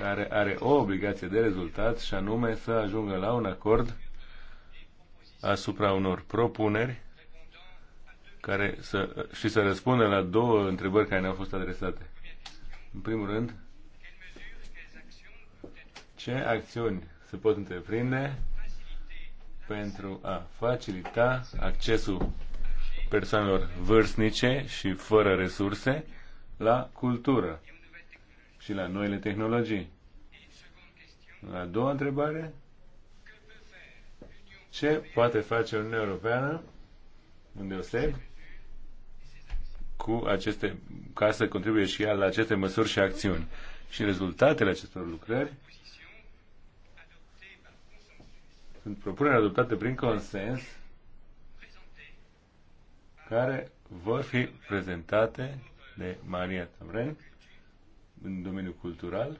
care are o obligație de rezultat și anume să ajungă la un acord asupra unor propuneri care să, și să răspundă la două întrebări care ne-au fost adresate. În primul rând, ce acțiuni se pot întreprinde pentru a facilita accesul persoanelor vârstnice și fără resurse la cultură și la noile tehnologii. La a doua întrebare, ce poate face Uniunea Europeană, deoseb cu aceste, ca să contribuie și ea la aceste măsuri și acțiuni. Și rezultatele acestor lucrări sunt propuneri adoptate prin consens care vor fi prezentate de Maria Tamren în domeniul cultural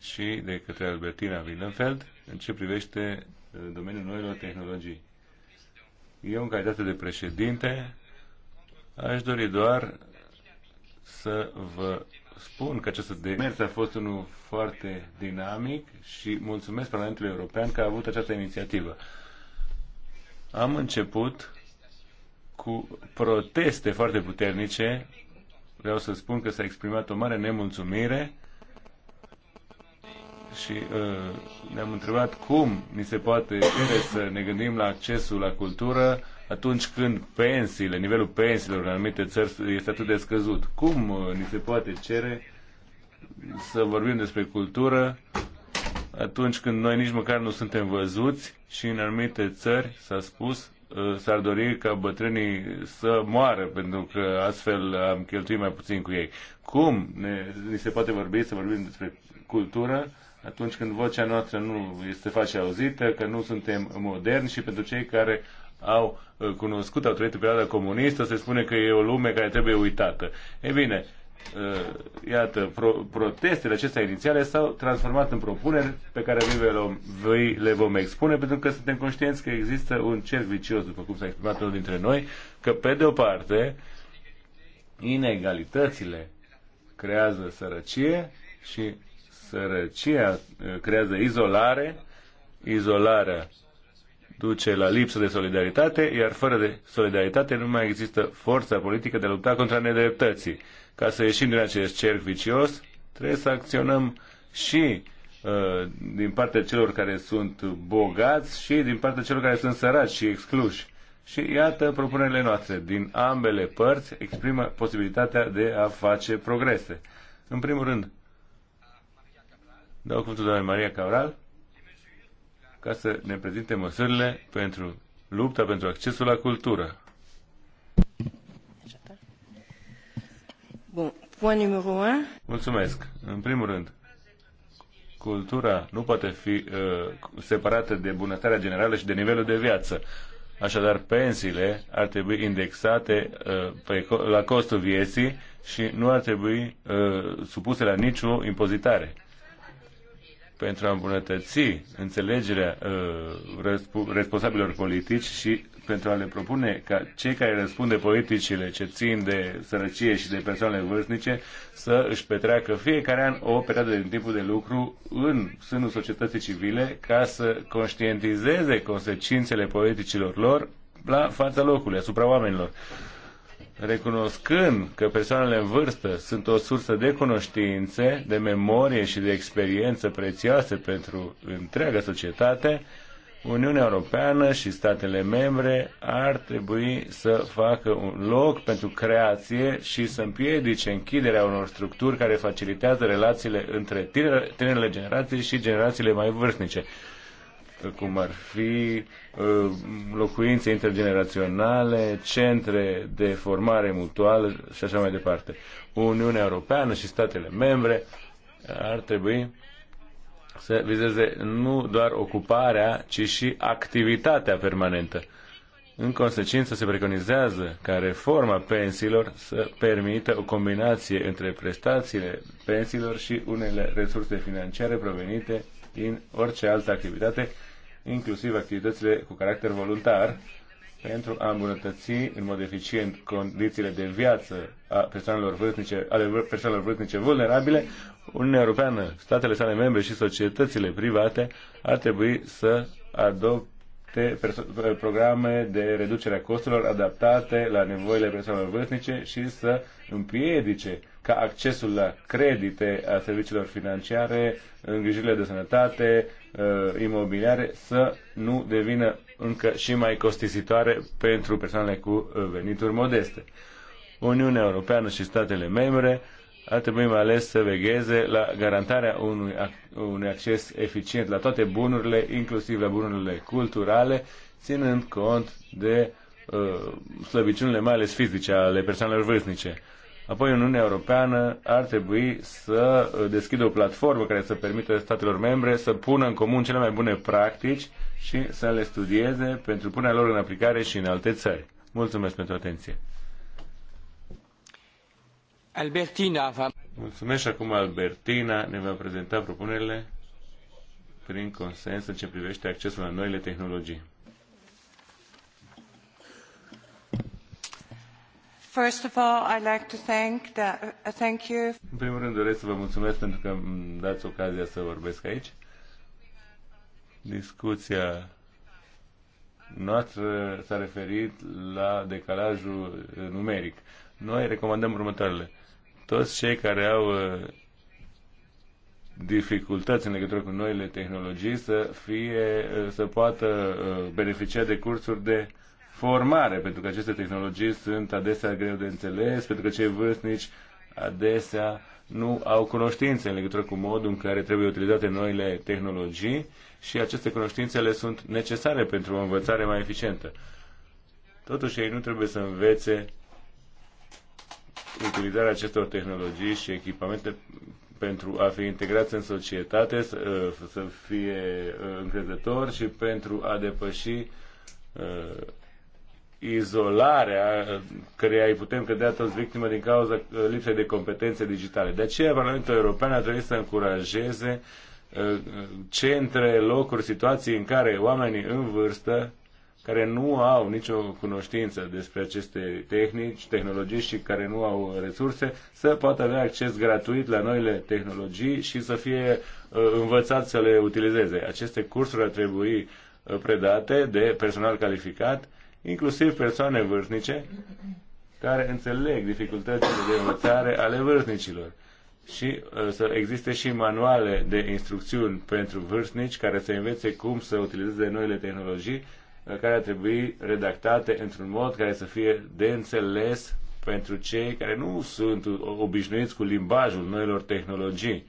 și de către Albertina Willenfeld în ce privește uh, domeniul noilor tehnologii. Eu, în calitate de președinte, aș dori doar să vă spun că acest demers a fost unul foarte dinamic și mulțumesc Parlamentului European că a avut această inițiativă. Am început cu proteste foarte puternice. Vreau să spun că s-a exprimat o mare nemulțumire și uh, ne-am întrebat cum ni se poate cere să ne gândim la accesul la cultură atunci când pensiile, nivelul pensiilor în anumite țări este atât de scăzut. Cum uh, ni se poate cere să vorbim despre cultură atunci când noi nici măcar nu suntem văzuți și în anumite țări s-a spus uh, s-ar dori ca bătrânii să moară pentru că astfel am cheltuit mai puțin cu ei. Cum ne, ni se poate vorbi să vorbim despre cultură atunci când vocea noastră nu este face auzită, că nu suntem moderni și pentru cei care au uh, cunoscut, au trăit perioada comunistă, se spune că e o lume care trebuie uitată. E bine, uh, iată, pro- protestele acestea inițiale s-au transformat în propuneri pe care vi le vom expune pentru că suntem conștienți că există un cerc vicios, după cum s-a exprimat unul dintre noi, că pe de o parte inegalitățile creează sărăcie și Sărăcia uh, creează izolare, izolarea duce la lipsă de solidaritate, iar fără de solidaritate nu mai există forța politică de a lupta contra nedreptății. Ca să ieșim din acest cerc vicios, trebuie să acționăm și uh, din partea celor care sunt bogați și din partea celor care sunt săraci și excluși. Și iată propunerile noastre. Din ambele părți exprimă posibilitatea de a face progrese. În primul rând, Dau cuvântul doamnei Maria Cabral ca să ne prezinte măsurile pentru lupta pentru accesul la cultură. Bun. Point numărul 1. Mulțumesc. În primul rând, cultura nu poate fi uh, separată de bunătatea generală și de nivelul de viață. Așadar, pensiile ar trebui indexate uh, pe, la costul vieții și nu ar trebui uh, supuse la nicio impozitare pentru a îmbunătăți înțelegerea uh, responsabilor politici și pentru a le propune ca cei care răspunde politicile ce țin de sărăcie și de persoanele vârstnice să își petreacă fiecare an o perioadă din timpul de lucru în sânul societății civile ca să conștientizeze consecințele politicilor lor la fața locului, asupra oamenilor. Uh, recunoscând că persoanele în vârstă sunt o sursă de cunoștințe, de memorie și de experiență prețioase pentru întreaga societate, Uniunea Europeană și statele membre ar trebui să facă un loc pentru creație și să împiedice închiderea unor structuri care facilitează relațiile între tinerele generații și generațiile mai vârstnice cum ar fi uh, locuințe intergeneraționale, centre de formare mutuală și așa mai departe. Uniunea Europeană și statele membre ar trebui să vizeze nu doar ocuparea, ci și activitatea permanentă. În consecință, se preconizează ca reforma pensiilor să permită o combinație între prestațiile pensiilor și unele resurse financiare provenite din orice altă activitate inclusiv activitățile cu caracter voluntar, pentru a îmbunătăți în mod eficient condițiile de viață a persoanelor vârstnice, ale persoanelor vârstnice vulnerabile, Uniunea Europeană, statele sale membre și societățile private ar trebui să adopte programe de reducere a costurilor adaptate la nevoile persoanelor vârstnice și să împiedice ca accesul la credite a serviciilor financiare, îngrijirile de sănătate, uh, imobiliare să nu devină încă și mai costisitoare pentru persoanele cu uh, venituri modeste. Uniunea Europeană și statele membre ar trebui mai ales să vegheze la garantarea unui, unui acces eficient la toate bunurile, inclusiv la bunurile culturale, ținând cont de uh, slăbiciunile, mai ales fizice, ale persoanelor vârstnice. Apoi Uniunea Europeană ar trebui să uh, deschidă o platformă care să permită statelor membre să pună în comun cele mai bune practici și să le studieze pentru punerea lor în aplicare și în alte țări. Mulțumesc pentru atenție. Albertina va... Mulțumesc și acum Albertina ne va prezenta propunerile prin consens în ce privește accesul la noile tehnologii. În primul rând doresc să vă mulțumesc pentru că îmi dați ocazia să vorbesc aici. Discuția noastră s-a referit la decalajul uh, numeric. Noi recomandăm următoarele. Toți cei care au uh, dificultăți în legătură cu noile tehnologii să fie uh, să poată beneficia de cursuri de formare, pentru că aceste tehnologii sunt adesea greu de înțeles, pentru că cei vârstnici adesea nu au cunoștințe în legătură cu modul în care trebuie utilizate noile tehnologii și aceste cunoștințe le sunt necesare pentru o învățare mai eficientă. Totuși, ei nu trebuie să învețe utilizarea acestor tehnologii și echipamente pentru a fi integrați în societate, să, uh, fie uh, încrezători și pentru a depăși uh, izolarea care ai putem cădea toți victime din cauza uh, lipsei de competențe digitale. De aceea Parlamentul European a trebuit să încurajeze uh, uh, centre, locuri, situații în care oamenii în vârstă care nu au nicio cunoștință despre aceste tehnici, tehnologii și care nu au resurse, să poată avea acces gratuit la noile tehnologii și să fie învățați să le utilizeze. Aceste cursuri ar trebui predate de personal calificat inclusiv persoane vârstnice care înțeleg dificultățile de învățare ale vârstnicilor și uh, să existe și manuale de instrucțiuni pentru vârstnici care să învețe cum să utilizeze noile tehnologii uh, care ar trebui redactate într-un mod care să fie de înțeles pentru cei care nu sunt obișnuiți cu limbajul noilor tehnologii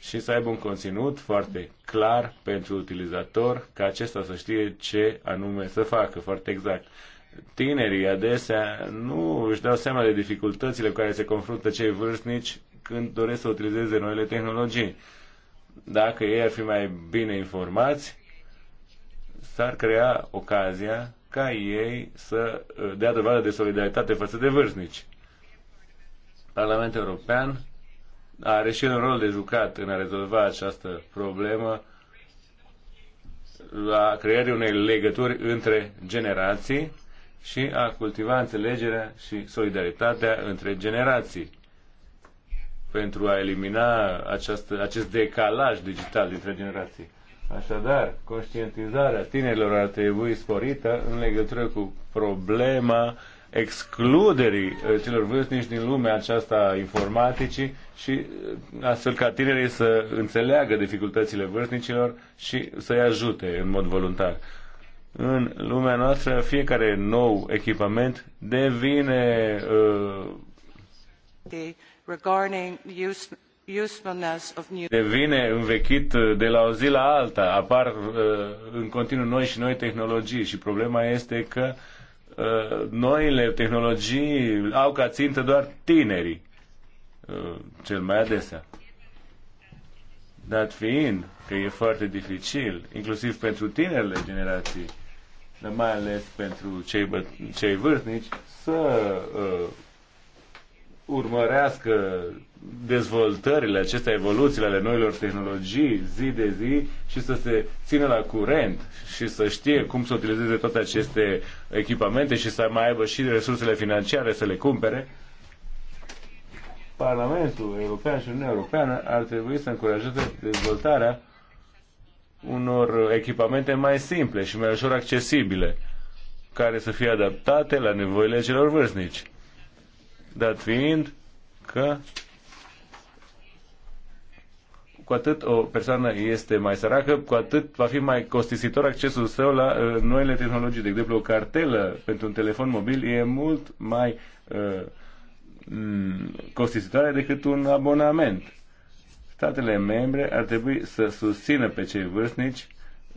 și să aibă un conținut foarte clar pentru utilizator, ca acesta să știe ce anume să facă foarte exact. Tinerii adesea nu își dau seama de dificultățile cu care se confruntă cei vârstnici când doresc să utilizeze noile tehnologii. Dacă ei ar fi mai bine informați, s-ar crea ocazia ca ei să uh, dea dovadă de solidaritate față de vârstnici. Parlamentul European are și un rol de jucat în a rezolva această problemă a crearea unei legături între generații și a cultiva înțelegerea și solidaritatea între generații pentru a elimina această, acest decalaj digital dintre generații. Așadar, conștientizarea tinerilor ar trebui sporită în legătură cu problema uh, excluderii uh, celor vârstnici din lumea aceasta informaticii și uh, astfel ca tinerii să înțeleagă dificultățile vârstnicilor și să-i ajute în mod voluntar. În lumea noastră, fiecare nou echipament devine uh, devine învechit de la o zi la alta. Apar în continuu noi și noi tehnologii și problema este că uh, Uh, noile tehnologii au ca țintă doar tinerii, uh, cel mai adesea. Dat fiind că e foarte dificil, inclusiv pentru tinerile generații, dar mai ales pentru cei, bă- cei vârstnici, să uh, urmărească dezvoltările acestea, evoluțiile ale noilor tehnologii zi de zi și să se țină la curent și să știe cum să utilizeze toate aceste echipamente și să mai aibă și resursele financiare să le cumpere. Parlamentul European și Uniunea Europeană ar trebui să încurajeze dezvoltarea unor echipamente mai simple și mai ușor accesibile, care să fie adaptate la nevoile celor vârstnici. Dat fiind că cu atât o persoană este mai săracă, cu atât va fi mai costisitor accesul său la uh, noile tehnologii. De exemplu, o cartelă pentru un telefon mobil e mult mai uh, costisitoare decât un abonament. Statele membre ar trebui să susțină pe cei vârstnici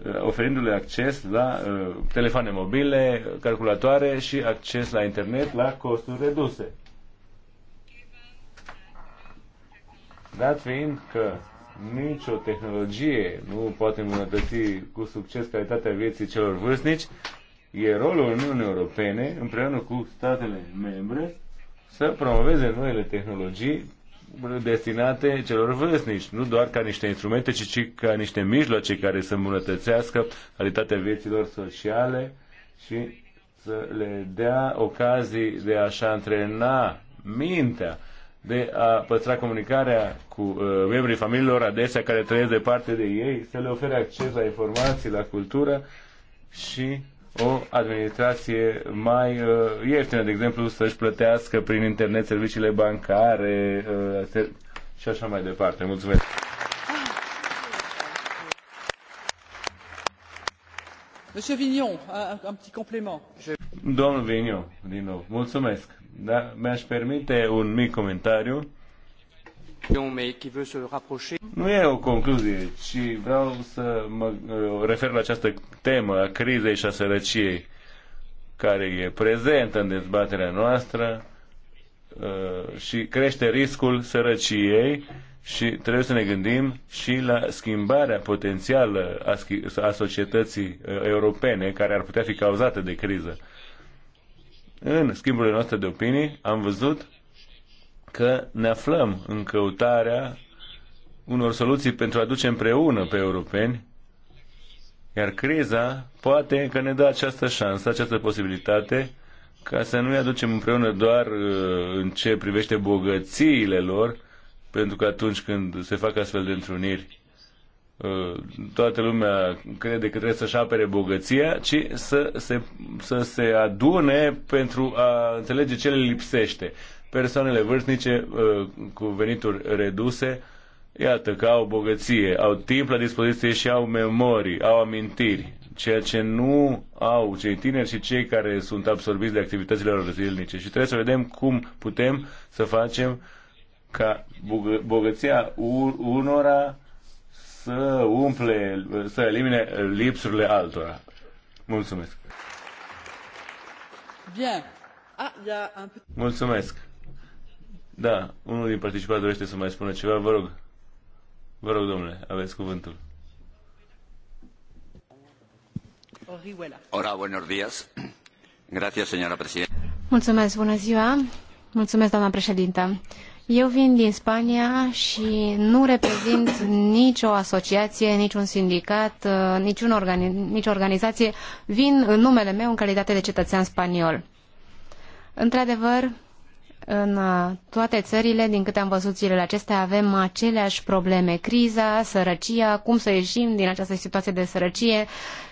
uh, oferindu-le acces la uh, telefoane mobile, calculatoare și acces la internet la costuri reduse. Dat fiind că nicio tehnologie nu poate îmbunătăți cu succes calitatea vieții celor vârstnici, e rolul Uniunii Europene, împreună cu statele membre, să promoveze noile tehnologii destinate celor vârstnici, nu doar ca niște instrumente, ci, ci ca niște mijloace care să îmbunătățească calitatea vieților sociale și să le dea ocazii de a-și antrena mintea de a păstra comunicarea cu uh, membrii familiilor adesea care trăiesc departe de ei, să le ofere acces la informații, la cultură și o administrație mai uh, ieftină, de exemplu, să-și plătească prin internet serviciile bancare uh, ser- și așa mai departe. Mulțumesc! Monsieur Vignon, un, un petit complément. Domnul Vignon, din nou, mulțumesc! Da, mi-aș permite un mic comentariu. Nu e o concluzie, ci vreau să mă uh, refer la această temă a crizei și a sărăciei care e prezentă în dezbaterea noastră uh, și crește riscul sărăciei și trebuie să ne gândim și la schimbarea potențială a societății uh, europene care ar putea fi cauzată de criză. În schimburile noastre de opinii am văzut că ne aflăm în căutarea unor soluții pentru a duce împreună pe europeni, iar criza poate că ne dă această șansă, această posibilitate ca să nu-i aducem împreună doar uh, în ce privește bogățiile lor, pentru că atunci când se fac astfel de întruniri Uh, toată lumea crede că trebuie să-și apere bogăția, ci să se, să se adune pentru a înțelege ce le lipsește. Persoanele vârstnice uh, cu venituri reduse, iată că au bogăție, au timp la dispoziție și au memorii, au amintiri, ceea ce nu au cei tineri și cei care sunt absorbiți de activitățile lor zilnice. Și trebuie să vedem cum putem să facem ca bogăția unora să umple, să elimine lipsurile altora. Mulțumesc. Bien. Ah, ia, Mulțumesc. Da, unul din participanți dorește să mai spună ceva, vă rog. Vă rog, domnule, aveți cuvântul. Ora, buenos días. Gracias, señora presidenta. Mulțumesc, bună ziua. Mulțumesc, doamna președintă. Eu vin din Spania și nu reprezint nicio asociație, niciun sindicat, uh, niciun organi- nicio organizație. Vin în numele meu în calitate de cetățean spaniol. Într-adevăr, în uh, toate țările, din câte am văzut zilele acestea, avem aceleași probleme. Criza, sărăcia, cum să ieșim din această situație de sărăcie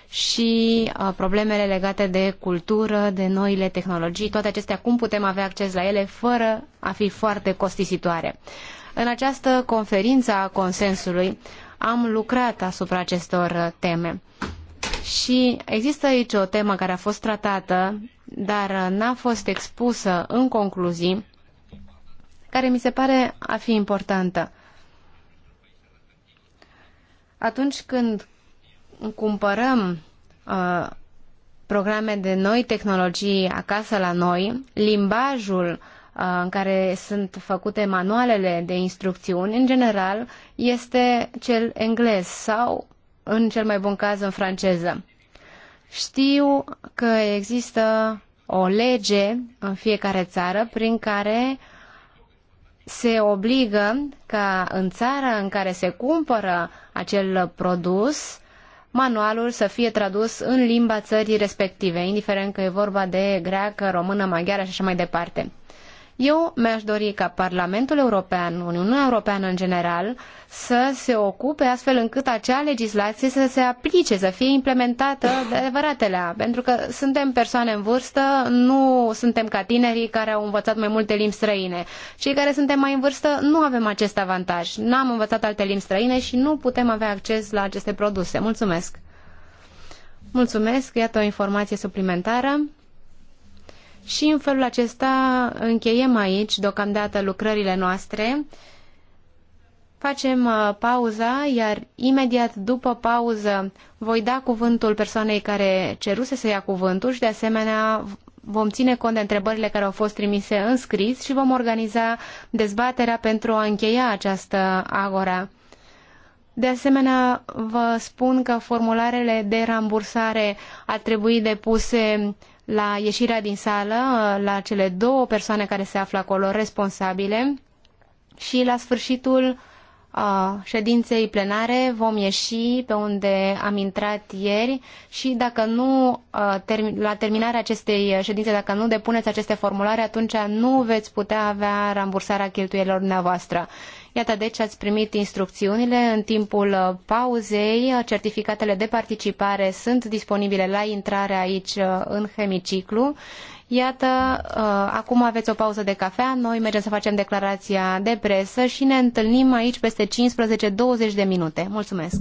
și uh, problemele legate de cultură, de noile tehnologii, toate acestea, cum putem avea acces la ele fără a fi foarte costisitoare. În această conferință a consensului am lucrat asupra acestor teme. Și există aici o temă care a fost tratată dar uh, n-a fost expusă în concluzii, care mi se pare a fi importantă. Atunci când cumpărăm uh, programe de noi tehnologii acasă la noi, limbajul uh, în care sunt făcute manualele de instrucțiuni, în general, este cel englez sau, în cel mai bun caz, în franceză. Știu că există o lege în fiecare țară prin care se obligă ca în țara în care se cumpără acel produs, manualul să fie tradus în limba țării respective, indiferent că e vorba de greacă, română, maghiară și așa mai departe. Eu mi-aș dori ca Parlamentul European, Uniunea Europeană în general, să se ocupe astfel încât acea legislație să se aplice, să fie implementată de adevăratele. Pentru că suntem persoane în vârstă, nu suntem ca tinerii care au învățat mai multe limbi străine. Cei care suntem mai în vârstă nu avem acest avantaj. Nu am învățat alte limbi străine și nu putem avea acces la aceste produse. Mulțumesc! Mulțumesc, iată o informație suplimentară. Și în felul acesta încheiem aici deocamdată lucrările noastre. Facem uh, pauza, iar imediat după pauză voi da cuvântul persoanei care ceruse să ia cuvântul și de asemenea vom ține cont de întrebările care au fost trimise în scris și vom organiza dezbaterea pentru a încheia această agora. De asemenea, vă spun că formularele de rambursare ar trebui depuse la ieșirea din sală uh, la cele două persoane care se află acolo responsabile și la sfârșitul uh, ședinței plenare vom ieși pe unde am intrat ieri și dacă nu, uh, la terminarea acestei ședințe, dacă nu depuneți aceste formulare, atunci nu veți putea avea rambursarea cheltuielor dumneavoastră. Iată deci ați primit instrucțiunile în timpul uh, pauzei. Uh, certificatele de participare sunt disponibile la intrare aici uh, în hemiciclu. Iată, acum aveți o pauză de cafea, noi mergem să facem declarația de presă și ne întâlnim aici peste 15-20 de minute. Mulțumesc!